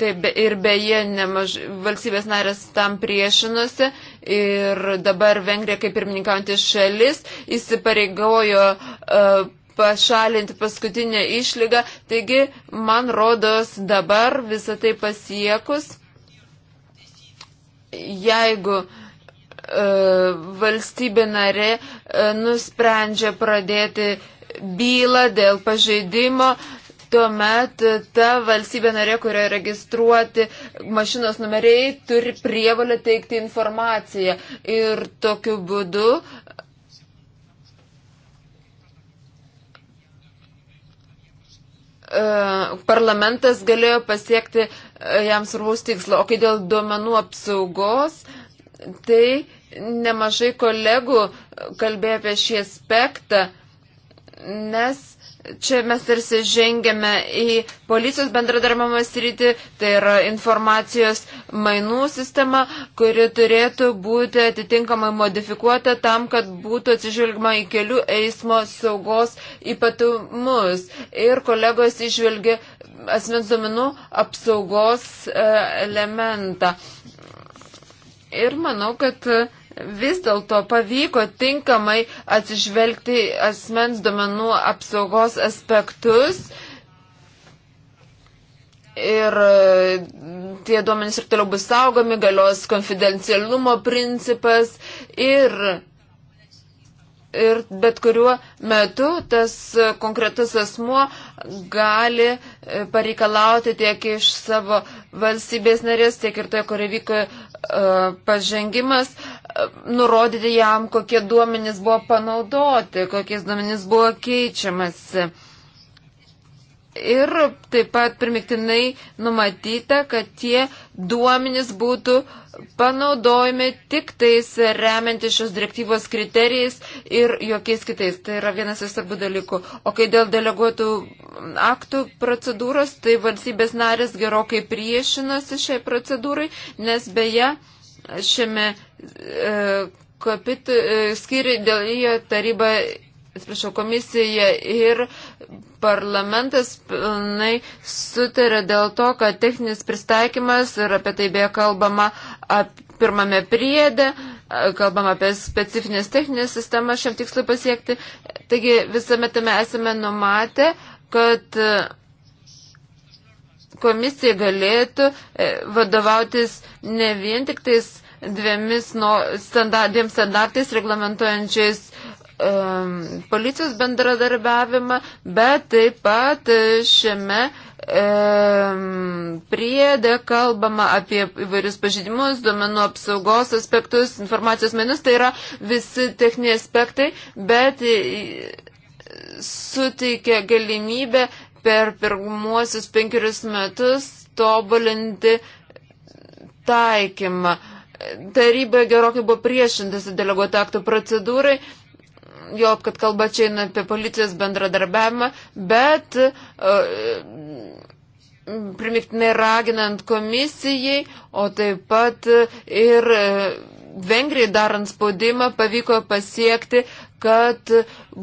tai be, ir beje nemaž, valstybės narės tam priešinosi ir dabar Vengrija kaip pirmininkaujantis šalis įsipareigojo uh, pašalinti paskutinę išlygą. Taigi, man rodos dabar visą tai pasiekus, jeigu uh, valstybė narė e, nusprendžia pradėti bylą dėl pažeidimo, tuomet ta valstybė narė, kurioje registruoti mašinos numeriai, turi prievalę teikti informaciją. Ir tokiu būdu. E, parlamentas galėjo pasiekti e, jam svarbaus tikslo. O kai dėl duomenų apsaugos, tai nemažai kolegų kalbėjo apie šį aspektą Mes čia mes tarsi žengėme į policijos bendradarbiavimo sritį, tai yra informacijos mainų sistema, kuri turėtų būti atitinkamai modifikuota tam, kad būtų atsižvelgma į kelių eismo saugos ypatumus. Ir kolegos išvelgia asmens duomenų apsaugos e, elementą. Ir manau, kad uh, vis dėlto pavyko tinkamai atsižvelgti asmens duomenų apsaugos aspektus. Ir e, tie duomenys ir toliau bus saugomi, galios konfidencialumo principas ir, ir bet kuriuo metu tas konkretus asmuo gali e, pareikalauti tiek iš savo valstybės narės, tiek ir toje, kur įvyko uh, pažengimas, uh, nurodyti jam, kokie duomenys buvo panaudoti, kokiais duomenys buvo keičiamasi. Ir taip pat primiktinai numatyta, kad tie duomenys būtų panaudojami tik tais remianti šios direktyvos kriterijais ir jokiais kitais. Tai yra vienas iš svarbių dalykų. O kai dėl deleguotų aktų procedūros, tai valstybės narės gerokai priešinosi šiai procedūrai, nes beje, šiame kapit, e, skiri dėl jo taryba, atsiprašau, komisija ir parlamentas pilnai sutarė dėl to, kad techninis pristaikymas ir apie tai beje kalbama apie pirmame priedė, kalbam apie specifinės techninės sistemas šiam tikslui pasiekti. Taigi visame tame esame numatę, kad e, komisija galėtų e, vadovautis ne vien tik tais dviemis no, standart, dviem standartais reglamentuojančiais um, policijos bendradarbiavimą, bet taip pat šiame um, priedė kalbama apie įvairius pažydimus, duomenų apsaugos aspektus, informacijos menus, tai yra visi techniniai aspektai, bet suteikia galimybę per pirmuosius penkerius metus tobulinti taikymą taryba gerokai buvo priešintasi deleguoto akto procedūrai, jo, kad kalba čia eina apie policijos bendradarbiavimą, bet e, primiktinai raginant komisijai, o taip pat ir e, Vengrijai darant spaudimą pavyko pasiekti, kad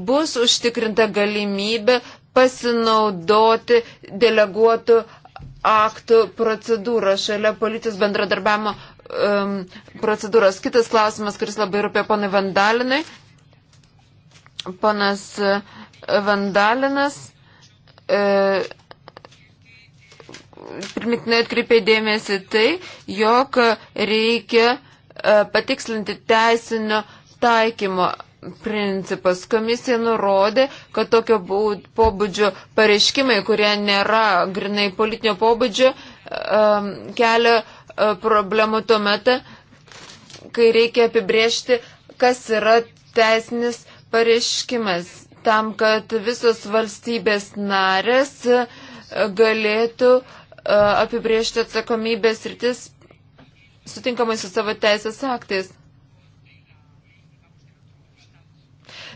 bus užtikrinta galimybė pasinaudoti deleguotų aktų procedūrą šalia policijos bendradarbiavimo um, procedūros. Kitas klausimas, kuris labai rūpė ponai Vandalinai. Ponas uh, Vandalinas e, primiktinai atkreipė dėmesį tai, jog reikia e, patikslinti teisinio taikymo principas. Komisija nurodė, kad tokio pobūdžio pareiškimai, kurie nėra grinai politinio pobūdžio, um, kelia E, problemų tuo metu, kai reikia apibriežti, kas yra teisinis pareiškimas, tam, kad visos valstybės narės galėtų e, apibriežti atsakomybės rytis sutinkamai su savo teisės aktais.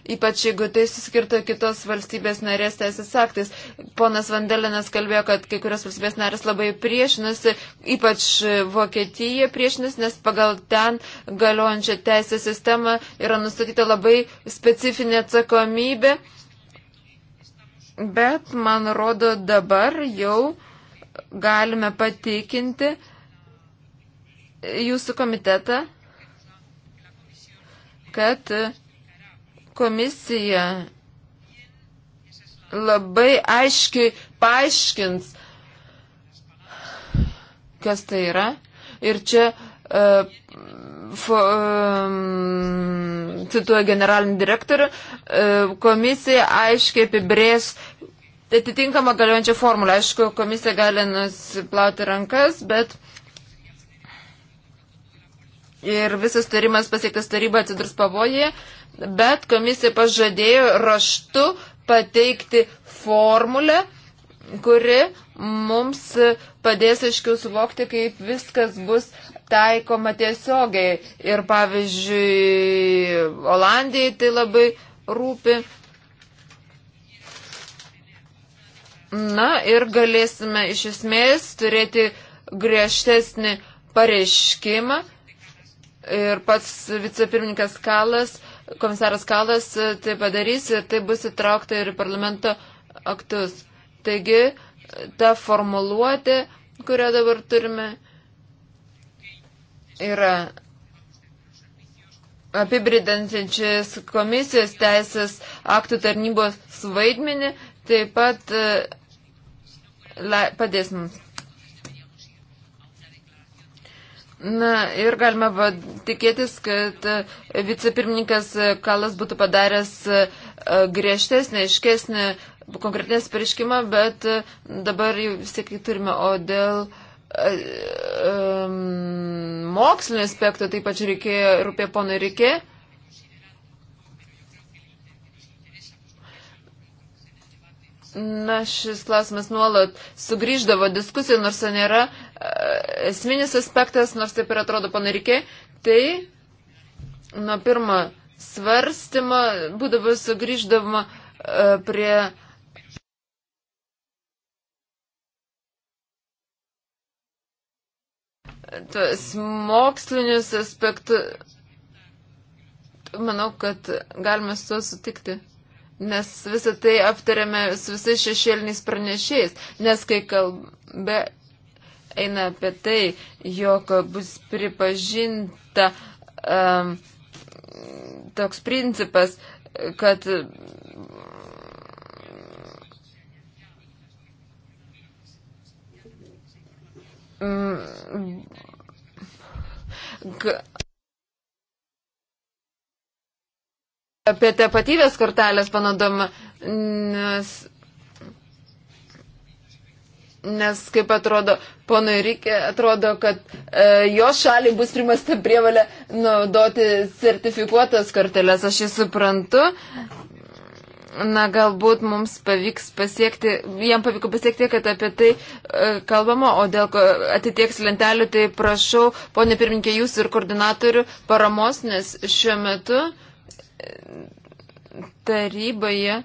ypač jeigu tai suskirta kitos valstybės narės teisės aktais. Ponas Vandelinas kalbėjo, kad kai kurios valstybės narės labai priešinasi, ypač Vokietija priešinasi, nes pagal ten galiojančią teisės sistemą yra nustatyta labai specifinė atsakomybė. Bet, man rodo, dabar jau galime patikinti jūsų komitetą, kad komisija labai aiškiai paaiškins, kas tai yra. Ir čia uh, e, f, uh, e, cituoja generalinį direktorių, uh, komisija aiškiai apibrės atitinkamą galiojančią formulę. Aišku, komisija gali nusiplauti rankas, bet. Ir visas tarimas pasiektas taryba atsidurs pavojai. Uh, bet komisija pažadėjo raštu pateikti formulę, kuri mums padės aiškiau suvokti, kaip viskas bus taikoma tiesiogiai. Ir pavyzdžiui, Olandijai tai labai rūpi. Na ir galėsime iš esmės turėti griežtesnį pareiškimą. Ir pats vicepirmininkas Kalas uh, komisaras Kalas e, tai padarys ir tai bus įtraukta ir parlamento aktus. Taigi, ta formuluotė, kurią dabar turime, yra apibridančias komisijos teisės aktų tarnybos vaidmenį, taip pat e, la, padės mums. Na ir galime va, tikėtis, kad e, vicepirmininkas e, Kalas būtų padaręs e, griežtesnį, aiškesnį, konkretinės pareiškimą, bet dabar jau vis tiek turime, o dėl um, mokslinio aspekto taip pat reikėjo, rūpė ponui reikėjo. Na, šis klausimas nuolat sugrįždavo diskusijų, nors tai nėra e, esminis aspektas, nors taip ir atrodo panarikė. Tai nuo pirmo svarstymo būdavo sugrįždama e, prie. Tuos mokslinius aspektus. Manau, kad galime su tuo sutikti. Nes visą tai aptarėme su visais šešėliniais pranešiais, nes kai kalba eina apie tai, jog bus pripažinta um, toks principas, kad um, apie tapatybės kortelės panaudojimą, nes, nes kaip atrodo, ponui Rikė, atrodo, kad e, jos šaliai bus primasta prievalė naudoti sertifikuotas korteles, aš jį suprantu. Na, galbūt mums pavyks pasiekti, jam pavyko pasiekti, kad apie tai e, kalbama, o dėl atitieks lentelių, tai prašau, ponė pirminkė, jūs ir koordinatorių paramos, nes šiuo metu e, taryboje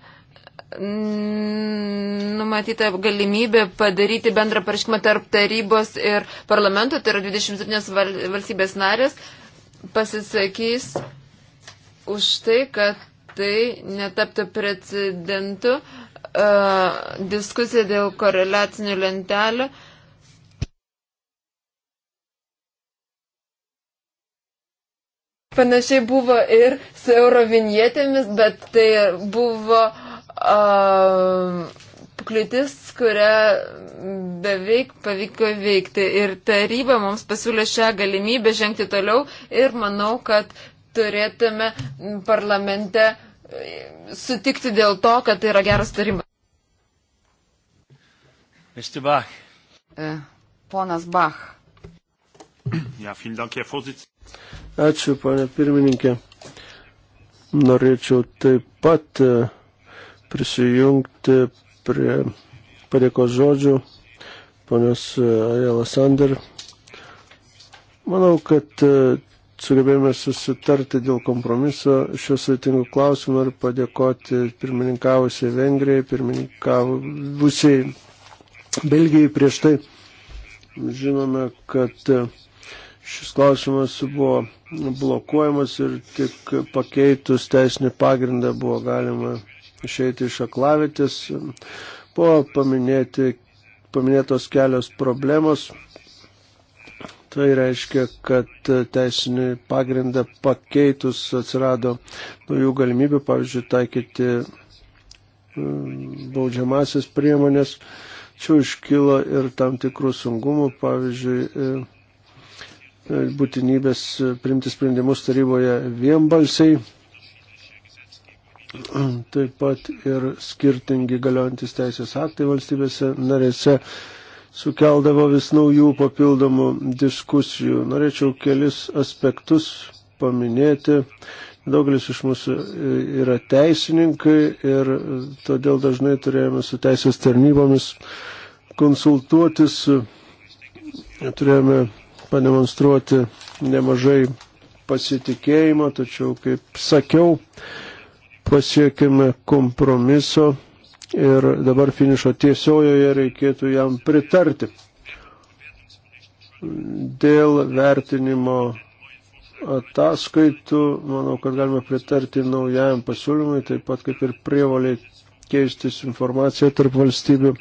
numatyta galimybė padaryti bendrą pareiškimą tarp tarybos ir parlamento, tai yra 27 valstybės narės, pasisakys už tai, kad tai netaptų precedentu uh, diskusija dėl koreliacinių lentelių. Uh, Panašiai buvo ir su eurovinietėmis, bet tai buvo um, kliūtis, kurią beveik pavyko veikti. Ir taryba mums pasiūlė šią galimybę žengti toliau ir manau, kad turėtume parlamente sutikti dėl to, kad tai yra geras tarimas. Mr. Bach. E, ponas Bach. Ačiū, panė pirmininkė. Norėčiau taip pat e, prisijungti prie padėkos žodžių ponios e, Ajala Sander. Manau, kad e, sugebėjome susitarti dėl kompromiso šio sveitingų klausimų ir padėkoti pirmininkavusiai Vengrijai, pirmininkavusiai Belgijai prieš tai. Žinome, kad Šis klausimas buvo blokuojamas ir tik pakeitus teisinį pagrindą buvo galima išeiti iš aklavitės. Buvo paminėti, paminėtos kelios problemos. Tai reiškia, kad teisinį pagrindą pakeitus atsirado naujų galimybių, pavyzdžiui, taikyti mm, baudžiamasis priemonės. Čia iškilo ir tam tikrų sungumų, pavyzdžiui, E, būtinybės e, primti sprendimus taryboje vienbalsiai, taip pat ir skirtingi galiojantis teisės aktai valstybėse narėse sukeldavo vis naujų papildomų diskusijų. Norėčiau kelis aspektus paminėti. Daugelis iš mūsų e, yra teisininkai ir todėl dažnai turėjome su teisės tarnybomis konsultuotis, turėjome pademonstruoti nemažai pasitikėjimo, tačiau, kaip sakiau, pasiekime kompromiso ir dabar finišo tiesiojoje reikėtų jam pritarti. Dėl vertinimo ataskaitų, manau, kad galime pritarti naujajam pasiūlymui, taip pat kaip ir prievaliai keistis informaciją tarp valstybių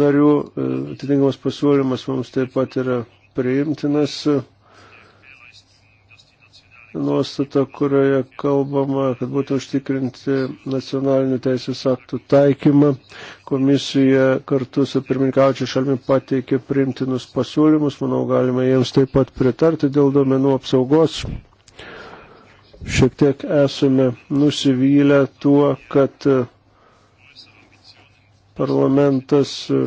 narių. E, atitinkamas pasiūlymas mums taip pat yra priimtinas nuostata, kurioje kalbama, kad būtų užtikrinti nacionalinių teisės aktų taikymą. Komisija kartu su pirmininkaučia šalmi pateikė priimtinus pasiūlymus, manau, galima jiems taip pat pritarti dėl duomenų apsaugos. Šiek tiek esame nusivylę tuo, kad e, parlamentas e,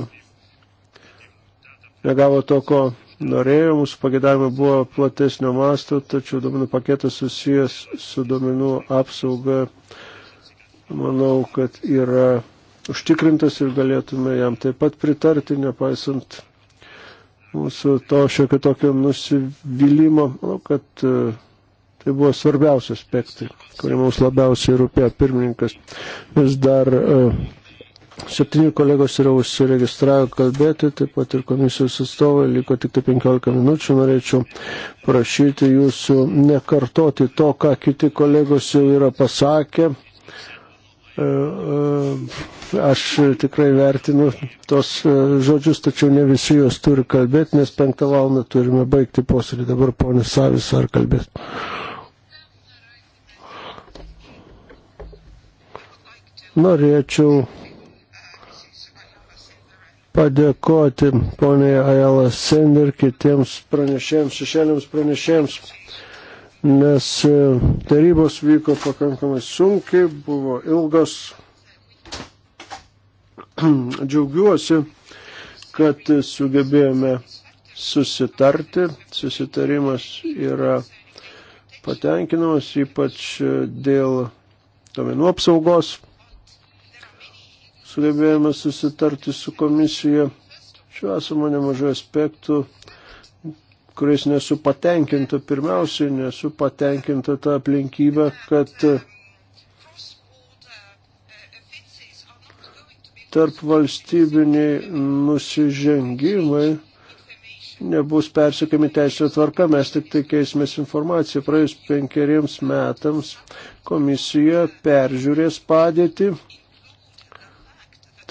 negavo to, ko norėjo, mūsų pagėdavimai buvo platesnio masto, tačiau duomenų paketas susijęs su duomenų apsauga, manau, kad yra užtikrintas ir galėtume jam taip pat pritarti, nepaisant mūsų to šiokio tokio nusivylimą, manau, kad e, tai buvo svarbiausi aspektai, kurie mums labiausiai rūpėjo pirmininkas. Vis dar uh, Septyni kolegos yra užsiregistravę kalbėti, taip pat ir komisijos atstovai, liko tik tai 15 minučių, norėčiau prašyti jūsų nekartoti to, ką kiti kolegos jau yra pasakę. E, e, aš tikrai vertinu tos e, žodžius, tačiau ne visi juos turi kalbėti, nes penktą valandą turime baigti posėdį. Dabar ponis Savis ar kalbės. Norėčiau padėkoti poniai Ajala Sender kitiems pranešėjams, šešėliams pranešėjams, nes e, tarybos vyko pakankamai sunkiai, buvo ilgos. <clears throat> Džiaugiuosi, kad sugebėjome susitarti. Susitarimas yra patenkinamas ypač e, dėl domenų apsaugos sugebėjome susitarti su komisija. Šiuo esame nemažai aspektų, kuriais nesu patenkinta. Pirmiausiai nesu patenkinta tą aplinkybę, kad tarp valstybiniai nusižengimai nebus persikami teisinė tvarka, mes tik tai keismės informaciją. Praėjus penkeriems metams komisija peržiūrės padėtį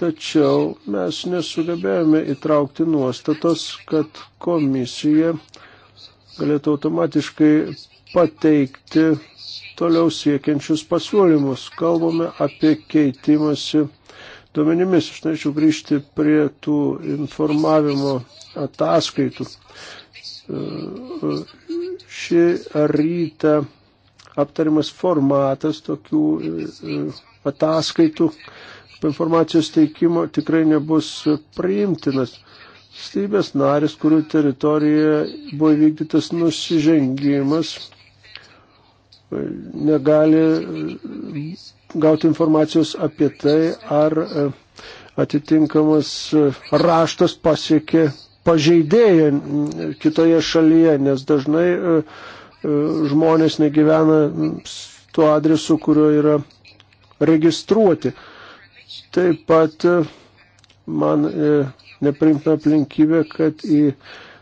tačiau mes nesugebėjome įtraukti nuostatos, kad komisija galėtų automatiškai pateikti toliau siekiančius pasiūlymus. Kalbame apie keitimąsi duomenimis. Aš norėčiau grįžti prie tų informavimo ataskaitų. Šį rytą aptarimas formatas tokių e, ataskaitų informacijos teikimo tikrai nebus priimtinas. Stybės narės, kurių teritorijoje buvo vykdytas nusižengimas, negali e, gauti informacijos apie tai, ar e, atitinkamas e, raštas pasiekė pažeidėją kitoje šalyje, nes dažnai žmonės negyvena tuo adresu, kurio yra registruoti. Taip pat e, man e, neprimtina aplinkybė, kad į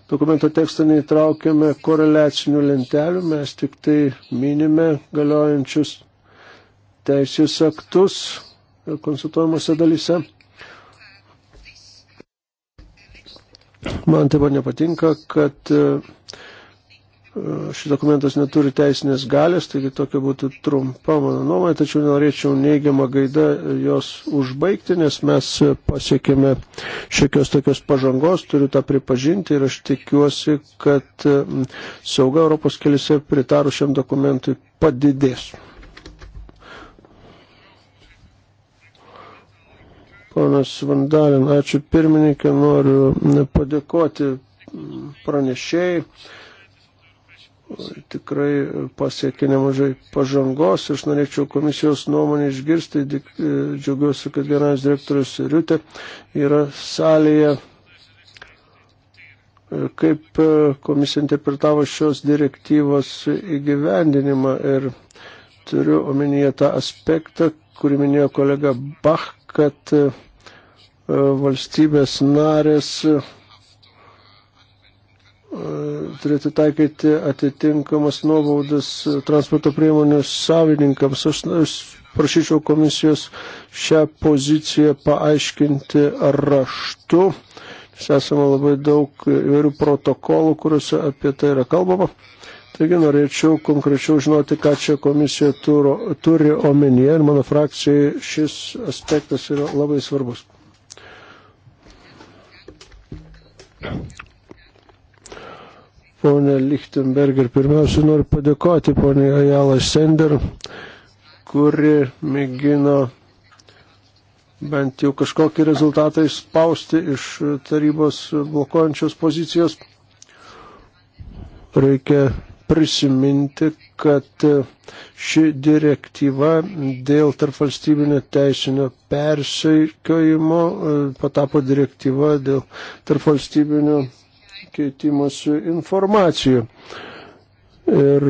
dokumento tekstą neįtraukėme koreliacinių lentelių, mes tik tai minime galiojančius teisės aktus konsultuojamuose dalyse. Man taip pat nepatinka, kad e, šis dokumentas neturi teisinės galės, taigi tokia būtų trumpa mano nuomonė, tačiau norėčiau neigiamą gaidą jos užbaigti, nes mes pasiekėme šiekios tokios pažangos, turiu tą pripažinti ir aš tikiuosi, kad sauga Europos keliuose pritarus šiam dokumentui padidės. Ponas Vandalin, ačiū pirmininkė, noriu padėkoti pranešėjai tikrai pasiekė nemažai pažangos. Aš norėčiau komisijos nuomonę išgirsti. E, džiaugiuosi, kad vienas direktorius Riutė yra salėje. E, kaip e, komisija interpretavo šios direktyvos įgyvendinimą ir turiu omenyje tą aspektą, kurį minėjo kolega Bach, kad valstybės narės turėtų taikyti atitinkamas nuobaudas transporto priemonių savininkams. Aš, aš prašyčiau komisijos šią poziciją paaiškinti raštu. Mes esame labai daug įvairių protokolų, kuriuose apie tai yra kalbama. Taigi norėčiau konkrečiau žinoti, ką čia komisija turo, turi omenyje ir mano frakcijai šis aspektas yra labai svarbus ponė Lichtenberger. Pirmiausia, noriu padėkoti ponė Ajala Sender, kuri mėgino bent jau kažkokį rezultatą išspausti iš tarybos blokuojančios pozicijos. Reikia prisiminti, kad ši direktyva dėl tarpvalstybinio teisinio persekiojimo e, patapo direktyva dėl tarpvalstybinio keitimosi informacijų. Ir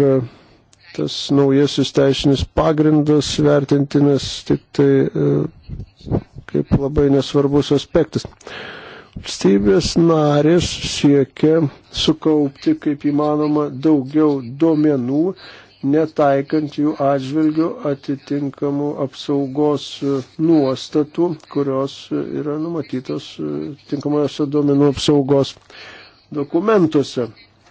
tas naujasis teisinis pagrindas vertintinas tik tai e, kaip labai nesvarbus aspektas. Valstybės narės siekia sukaupti kaip įmanoma daugiau duomenų, netaikant jų atžvilgių atitinkamų apsaugos nuostatų, kurios yra numatytos e, tinkamojose duomenų apsaugos dokumentuose.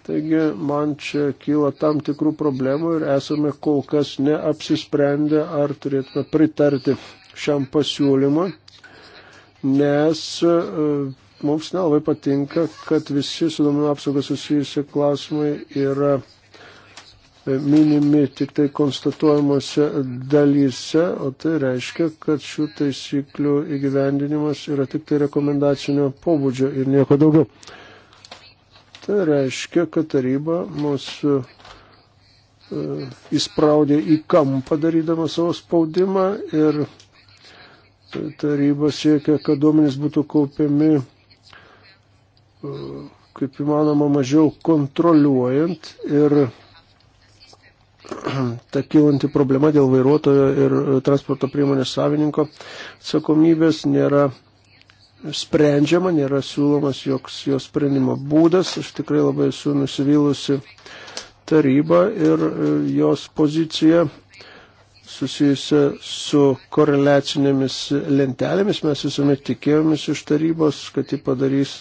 Taigi man čia kyla tam tikrų problemų ir esame kol kas neapsisprendę, ar turėtume pritarti šiam pasiūlymui, nes e, mums nelabai patinka, kad visi su duomenų apsauga susijusi klausimai yra e, minimi tik tai konstatuojamuose dalyse, o tai reiškia, kad šių taisyklių įgyvendinimas yra tik tai rekomendacinio pobūdžio ir nieko daugiau. Tai reiškia, kad taryba mūsų e, e, įspraudė į kampą darydama savo spaudimą ir taryba siekia, kad duomenys būtų kaupiami e, kaip įmanoma mažiau kontroliuojant ir <clears throat> ta kilanti problema dėl vairuotojo ir transporto priemonės savininko atsakomybės nėra sprendžiama, nėra siūlomas joks jos sprendimo būdas. Aš tikrai labai esu nusivylusi tarybą ir e, jos poziciją susijusią su koreliacinėmis lentelėmis. Mes visuomet tikėjomės iš tarybos, kad ji padarys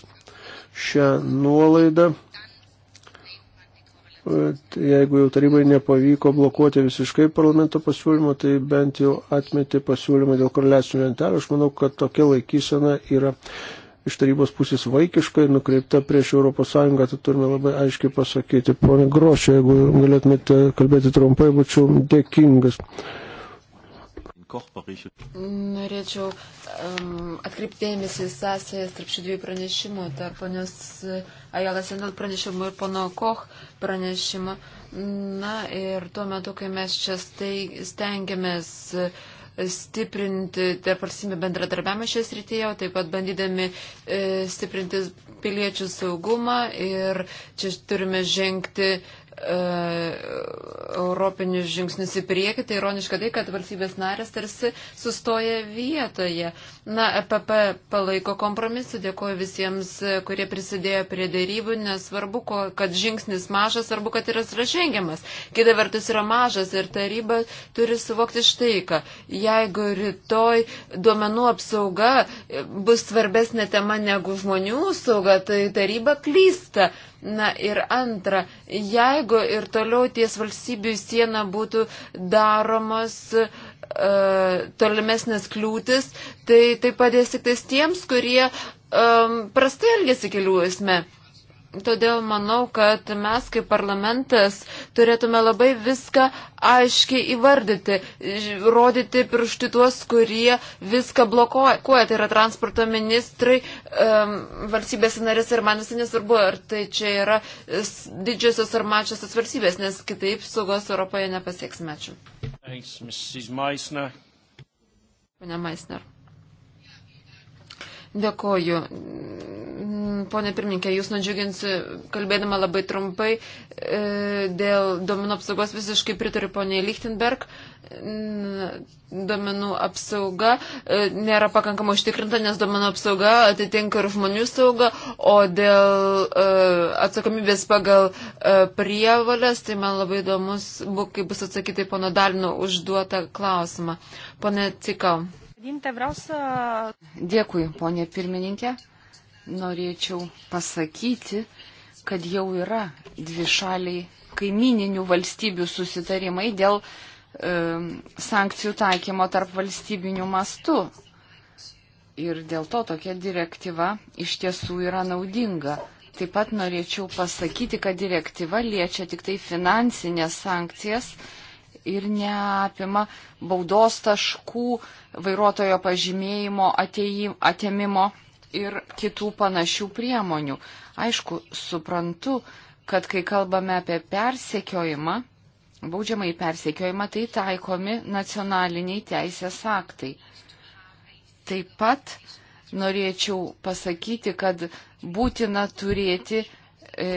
šią nuolaidą jeigu jau tarybai nepavyko blokuoti visiškai parlamento pasiūlymo, tai bent jau atmeti pasiūlymą dėl koreliacinių lentelių. Aš manau, kad tokia laikysena yra iš tarybos pusės vaikiška ir nukreipta prieš ES, tai turime labai aiškiai pasakyti. Pone Grošė, jeigu galėtumėte kalbėti trumpai, būčiau dėkingas. Norėčiau um, atkreipdėmėsi į sąsąją tarp šių dviejų pranešimų, tarp ponios Ajalas Endel pranešimų ir pono Koch pranešimų. Na ir tuo metu, kai mes čia stengiamės stiprinti tarp valstybių bendradarbiavimą šią srityje, taip pat bandydami e, stiprinti piliečių saugumą ir čia turime žengti E, europinius žingsnius į priekį, tai ironiška tai, kad valstybės narės tarsi sustoja vietoje. Na, EPP palaiko kompromisu, dėkoju visiems, kurie prisidėjo prie dėrybų, nesvarbu, kad žingsnis mažas, svarbu, kad yra sražengiamas. Kita vertus yra mažas ir taryba turi suvokti štai, kad jeigu rytoj duomenų apsauga bus svarbesnė tema negu žmonių sauga, tai taryba klysta. Na ir antra, jeigu ir toliau ties valstybių siena būtų daromos e, tolimesnės kliūtis, tai tai padės tik tais tiems, kurie um, e, prastai elgesi kelių esme. Todėl manau, kad mes kaip parlamentas turėtume labai viską aiškiai įvardyti, rodyti piršti tuos, kurie viską blokuoja. Tai yra transporto ministrai, um, valstybės narės ir man visai nesvarbu, ar tai čia yra didžiosios ar mačiosios valstybės, nes kitaip saugos Europoje nepasieksime. Ačiū. Thanks, Mrs. Meisner. Pane Meisner. Dėkoju. Pone pirmininkė, jūs nudžiuginsiu, kalbėdama labai trumpai, e, dėl duomenų apsaugos visiškai pritariu poniai Lichtenberg. Duomenų apsauga e, nėra pakankamai užtikrinta, nes duomenų apsauga atitinka ir žmonių saugą, o dėl e, atsakomybės pagal prievalės, tai man labai įdomus, kaip bus atsakyti pono Dalino užduotą klausimą. Pone Cikau. Dėkui, ponė pirmininkė. Norėčiau pasakyti, kad jau yra dvi šaliai kaimininių valstybių susitarimai dėl e, sankcijų taikymo tarp valstybinių mastų. Ir dėl to tokia direktyva iš tiesų yra naudinga. Taip pat norėčiau pasakyti, kad direktyva liečia tik tai finansinės sankcijas ir neapima baudos taškų, vairuotojo pažymėjimo atėmimo ir kitų panašių priemonių. Aišku, suprantu, kad kai kalbame apie persekiojimą, baudžiamą į persekiojimą, tai taikomi nacionaliniai teisės aktai. Taip pat norėčiau pasakyti, kad būtina turėti e,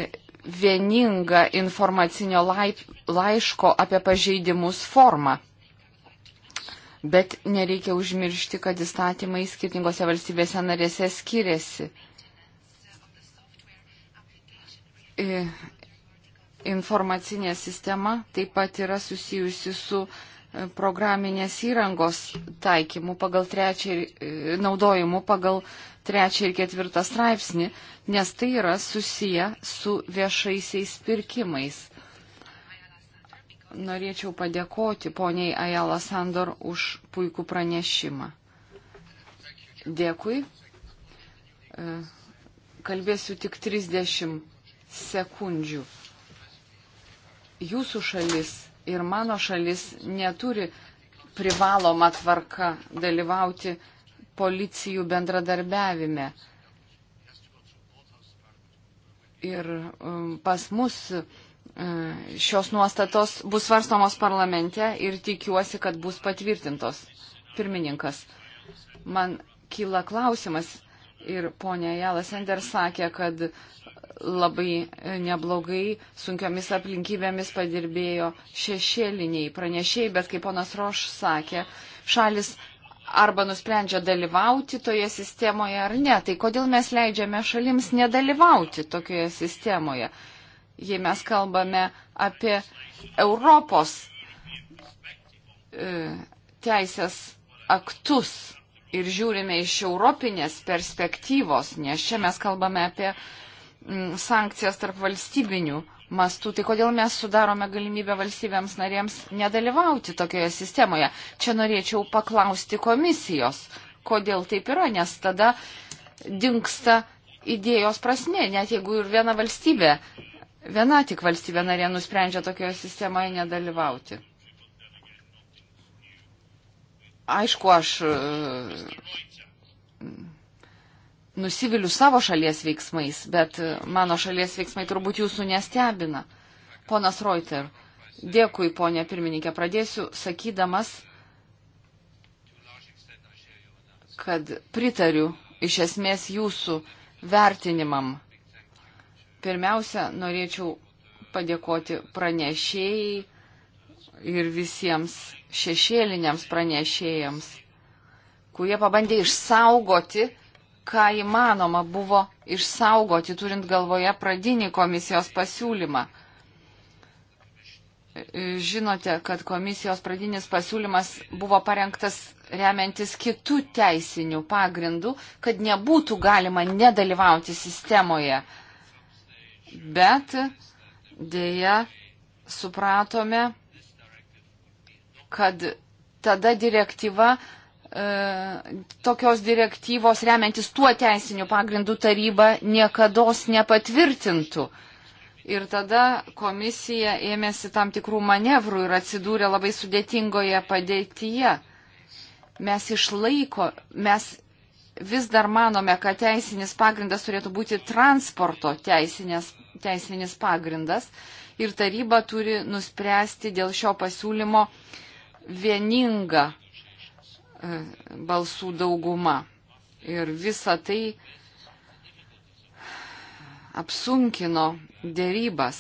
vieningą informacinio laip, laiško apie pažeidimus formą. Bet nereikia užmiršti, kad įstatymai skirtingose valstybėse narėse skiriasi. Informacinė sistema taip pat yra susijusi su e, programinės įrangos taikymu pagal trečią, e, naudojimu pagal trečią ir ketvirtą straipsnį, nes tai yra susiję su viešaisiais pirkimais. Norėčiau padėkoti poniai Ajala Sandor už puikų pranešimą. Dėkui. E, kalbėsiu tik 30 sekundžių. Jūsų šalis ir mano šalis neturi privaloma tvarka dalyvauti policijų bendradarbiavime. Ir um, pas mus uh, šios nuostatos bus svarstomos parlamente ir tikiuosi, kad bus patvirtintos. Pirmininkas, man kyla klausimas ir ponia Jalas Ender sakė, kad labai neblogai sunkiomis aplinkybėmis padirbėjo šešėliniai pranešėjai, bet kaip ponas Roš sakė, šalis arba nusprendžia dalyvauti toje sistemoje ar ne. Tai kodėl mes leidžiame šalims nedalyvauti tokioje sistemoje, jei mes kalbame apie Europos e, teisės aktus ir žiūrime iš europinės perspektyvos, nes čia mes kalbame apie m, mm, sankcijas tarp valstybinių mastų, tai kodėl mes sudarome galimybę valstybėms narėms nedalyvauti tokioje sistemoje? Čia norėčiau paklausti komisijos, kodėl taip yra, nes tada dinksta idėjos prasme, net jeigu ir viena valstybė, viena tik valstybė narė nusprendžia tokioje sistemoje nedalyvauti. Aišku, aš. Uh, nusiviliu savo šalies veiksmais, bet e, mano šalies veiksmai turbūt jūsų nestebina. Ponas Reuter, dėkui, ponė pirmininkė, pradėsiu sakydamas, kad pritariu iš esmės jūsų vertinimam. Pirmiausia, norėčiau padėkoti pranešėjai ir visiems šešėliniams pranešėjams, kurie pabandė išsaugoti ką įmanoma buvo išsaugoti, turint galvoje pradinį komisijos pasiūlymą. Žinote, kad komisijos pradinis pasiūlymas buvo parengtas remiantis kitų teisinių pagrindų, kad nebūtų galima nedalyvauti sistemoje. Bet dėja supratome, kad tada direktyva E, tokios direktyvos remiantis tuo teisiniu pagrindu taryba niekada nepatvirtintų. Ir tada komisija ėmėsi tam tikrų manevrų ir atsidūrė labai sudėtingoje padėtyje. Mes išlaiko, mes vis dar manome, kad teisinis pagrindas turėtų būti transporto teisinės, teisinis pagrindas ir taryba turi nuspręsti dėl šio pasiūlymo vieningą E, balsų dauguma. Ir visa tai apsunkino dėrybas.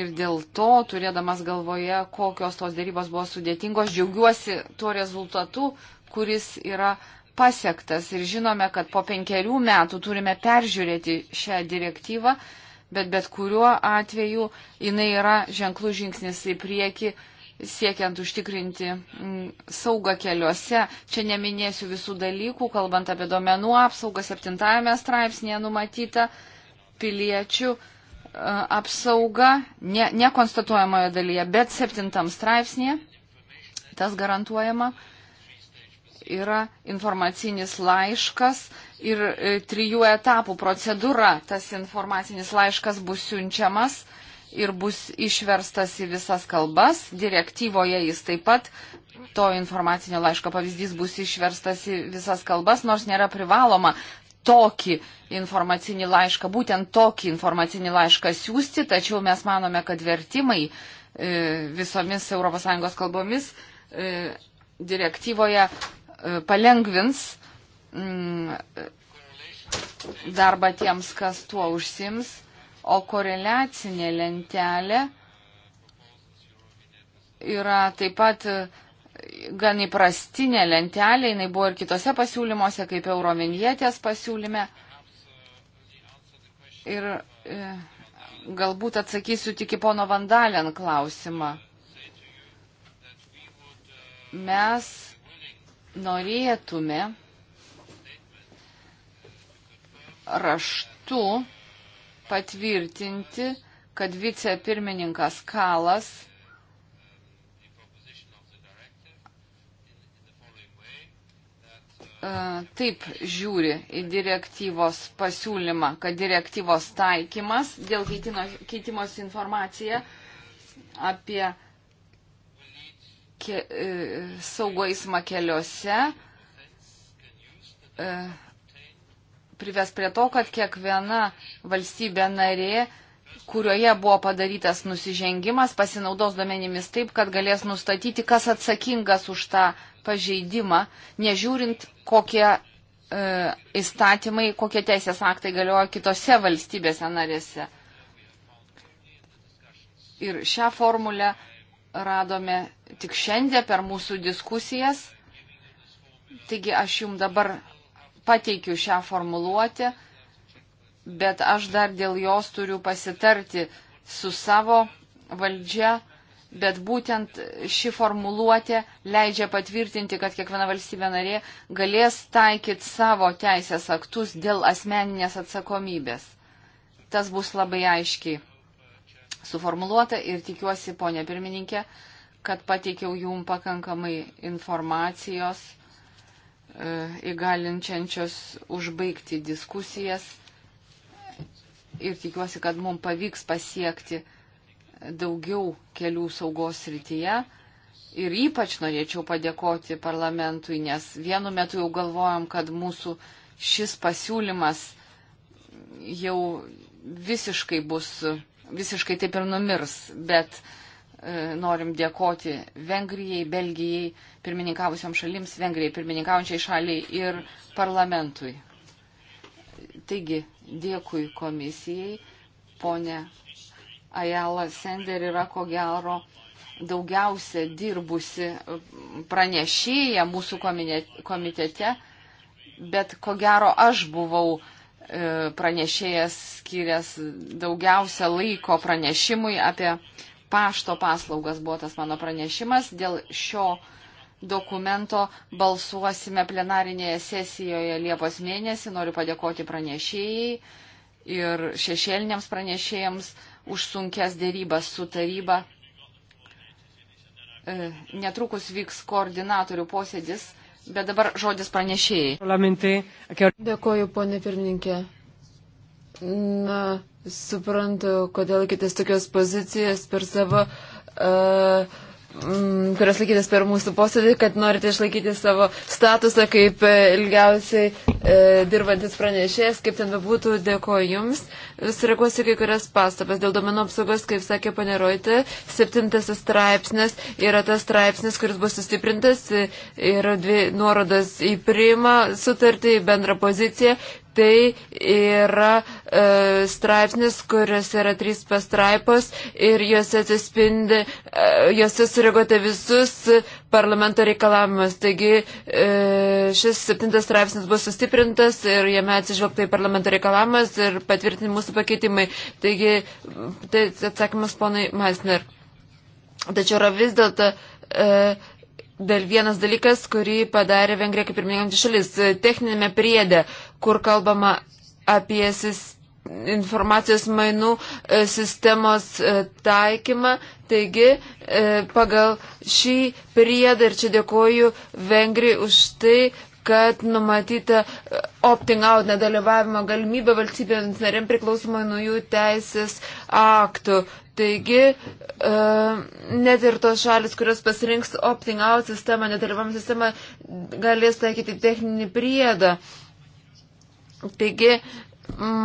Ir dėl to, turėdamas galvoje, kokios tos dėrybos buvo sudėtingos, džiaugiuosi tuo rezultatu, kuris yra pasiektas. Ir žinome, kad po penkerių metų turime peržiūrėti šią direktyvą, bet bet kuriuo atveju jinai yra ženklų žingsnis į priekį siekiant užtikrinti mm, saugą keliuose. Čia neminėsiu visų dalykų, kalbant apie domenų apsaugą, septintame straipsnėje numatyta piliečių e, apsauga, ne, ne konstatuojamojo dalyje, bet septintam straipsnėje, tas garantuojama, yra informacinis laiškas ir e, trijų etapų procedūra. Tas informacinis laiškas bus siunčiamas uh, ir bus išverstas į visas kalbas. Direktyvoje jis taip pat, to informacinio laiško pavyzdys bus išverstas į visas kalbas, nors nėra privaloma tokį informacinį laišką, būtent tokį informacinį laišką siūsti, tačiau mes manome, kad vertimai e, visomis ES kalbomis e, direktyvoje e, palengvins mm, darbą tiems, kas tuo užsims o koreliacinė lentelė yra taip pat e, gan įprastinė lentelė, jinai buvo ir kitose pasiūlymuose, kaip Eurovinietės pasiūlyme. Ir e, galbūt atsakysiu tik į pono Vandalen klausimą. Mes norėtume raštu patvirtinti, kad vicepirmininkas Kalas e, taip žiūri į direktyvos pasiūlymą, kad direktyvos taikymas dėl keitimos informacija apie ke, e, saugų eismą keliuose e, prives prie to, kad kiekviena valstybė narė, kurioje buvo padarytas nusižengimas, pasinaudos duomenimis taip, kad galės nustatyti, kas atsakingas už tą pažeidimą, nežiūrint, kokie e, įstatymai, kokie teisės aktai galioja kitose valstybėse narėse. Ir šią formulę radome tik šiandien per mūsų diskusijas. Taigi aš jums dabar pateikiu šią formuluotę, bet aš dar dėl jos turiu pasitarti su savo valdžia, bet būtent ši formuluotė leidžia patvirtinti, kad kiekviena valstybė narė galės taikyti savo teisės aktus dėl asmeninės atsakomybės. Tas bus labai aiškiai suformuluota ir tikiuosi, ponė pirmininkė, kad pateikiau jum pakankamai informacijos įgalinčiančios užbaigti diskusijas ir tikiuosi, kad mums pavyks pasiekti daugiau kelių saugos rytyje. Ir ypač norėčiau padėkoti parlamentui, nes vienu metu jau galvojom, kad mūsų šis pasiūlymas jau visiškai bus, visiškai taip ir numirs, bet uh, E, norim dėkoti Vengrijai, Belgijai, pirmininkavusiam šalims, Vengrijai pirmininkaujančiai šaliai ir parlamentui. Taigi, dėkui komisijai, ponė Ajala Sender yra ko gero daugiausia dirbusi pranešėja mūsų komitete, bet ko gero aš buvau e, pranešėjas skirias daugiausia laiko pranešimui apie pašto paslaugas buvo tas mano pranešimas. Dėl šio dokumento balsuosime plenarinėje sesijoje Liepos mėnesį. Noriu padėkoti pranešėjai ir šešėliniams pranešėjams už sunkes dėrybas su taryba. E, netrukus vyks koordinatorių posėdis, bet dabar žodis pranešėjai. Dėkoju, ponė pirmininkė. Na, suprantu, kodėl kitas tokios pozicijas per savo, uh, e, m, mm, kurias laikytės per mūsų posėdį, kad norite išlaikyti savo statusą kaip e, ilgiausiai uh, dirbantis pranešėjas, kaip ten bebūtų, dėkoju Jums. Sureaguosiu kai kurias pastabas. Dėl domenų apsaugos, kaip sakė paneroitė, septintasis straipsnis yra tas straipsnis, kuris bus sustiprintas, yra dvi nuorodas į priimą sutartį, į bendrą poziciją tai yra e, straipsnis, kuris yra trys pastraipos ir juose atsispindi, e, juose sureaguota visus parlamento reikalavimus. Taigi e, šis septintas straipsnis bus sustiprintas ir jame atsižvelgta į parlamento reikalavimus ir patvirtinti mūsų pakeitimai. Taigi tai atsakymas ponai Meisner. Tačiau yra vis dėlto. E, Dar vienas dalykas, kurį padarė Vengrija kaip pirmininkantį šalis, techninėme priedė uh, kur kalbama apie sistemą informacijos mainų e, sistemos e, taikymą. Taigi, e, pagal šį priedą ir čia dėkoju Vengrijai už tai, kad numatyta opting-out nedalyvavimo galimybė valstybėms narėm priklausomai nuo jų teisės aktų. Taigi, net ir tos šalis, kurios pasirinks opting-out sistemą, nedalyvavimo sistemą, galės taikyti techninį priedą. Uh, Taigi,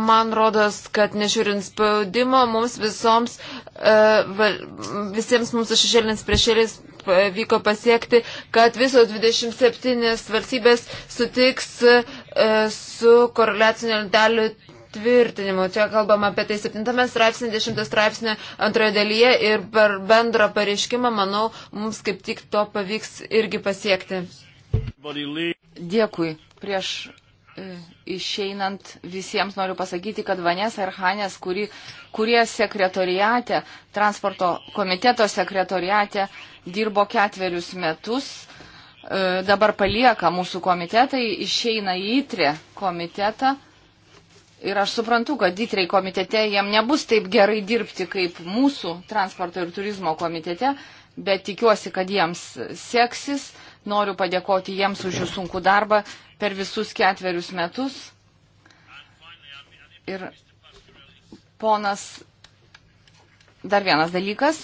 man rodos, kad nežiūrint spaudimo, mums visoms, e, visiems mums šešėlins priešėlis e, vyko pasiekti, kad visos 27 valstybės sutiks e, su koreliacinių lentelių tvirtinimu. Čia kalbama apie tai 7 straipsnė, 10 straipsnė antroje dalyje ir per bendrą pareiškimą, manau, mums kaip tik to pavyks irgi pasiekti. Dėkui. Prieš išeinant visiems noriu pasakyti, kad Vanės ir Hanės, kuri, kurie sekretoriate, transporto komiteto sekretoriate dirbo ketverius metus, e, dabar palieka mūsų komitetai, išeina į ITRE komitetą. Ir aš suprantu, kad ditrei komitete jiem nebus taip gerai dirbti kaip mūsų transporto ir turizmo komitete, bet tikiuosi, kad jiems seksis. Noriu padėkoti jiems už jų sunkų darbą per visus ketverius metus. Ir ponas, dar vienas dalykas.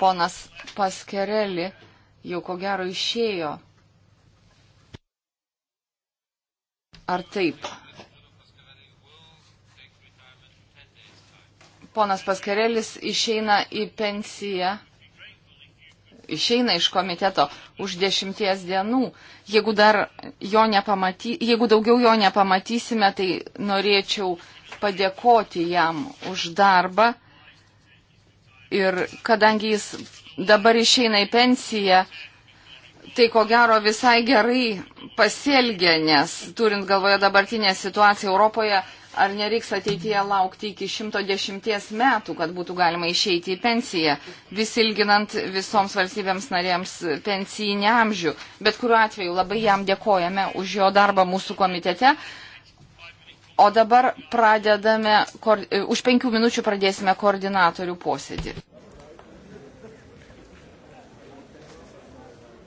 Ponas Paskereli jau ko gero išėjo. Ar taip? Ponas Paskerelis išeina į pensiją išeina iš komiteto už dešimties dienų. Jeigu, nepamaty, jeigu daugiau jo nepamatysime, tai norėčiau padėkoti jam už darbą. Ir kadangi jis dabar išeina į pensiją, tai ko gero visai gerai pasielgė, nes turint galvoje dabartinę situaciją Europoje, ar nereiks ateityje laukti iki 110 metų, kad būtų galima išeiti į pensiją, vis ilginant visoms valstybėms narėms pensijinį amžių. Bet kuriuo atveju labai jam dėkojame už jo darbą mūsų komitete. O dabar pradedame, už penkių minučių pradėsime koordinatorių posėdį.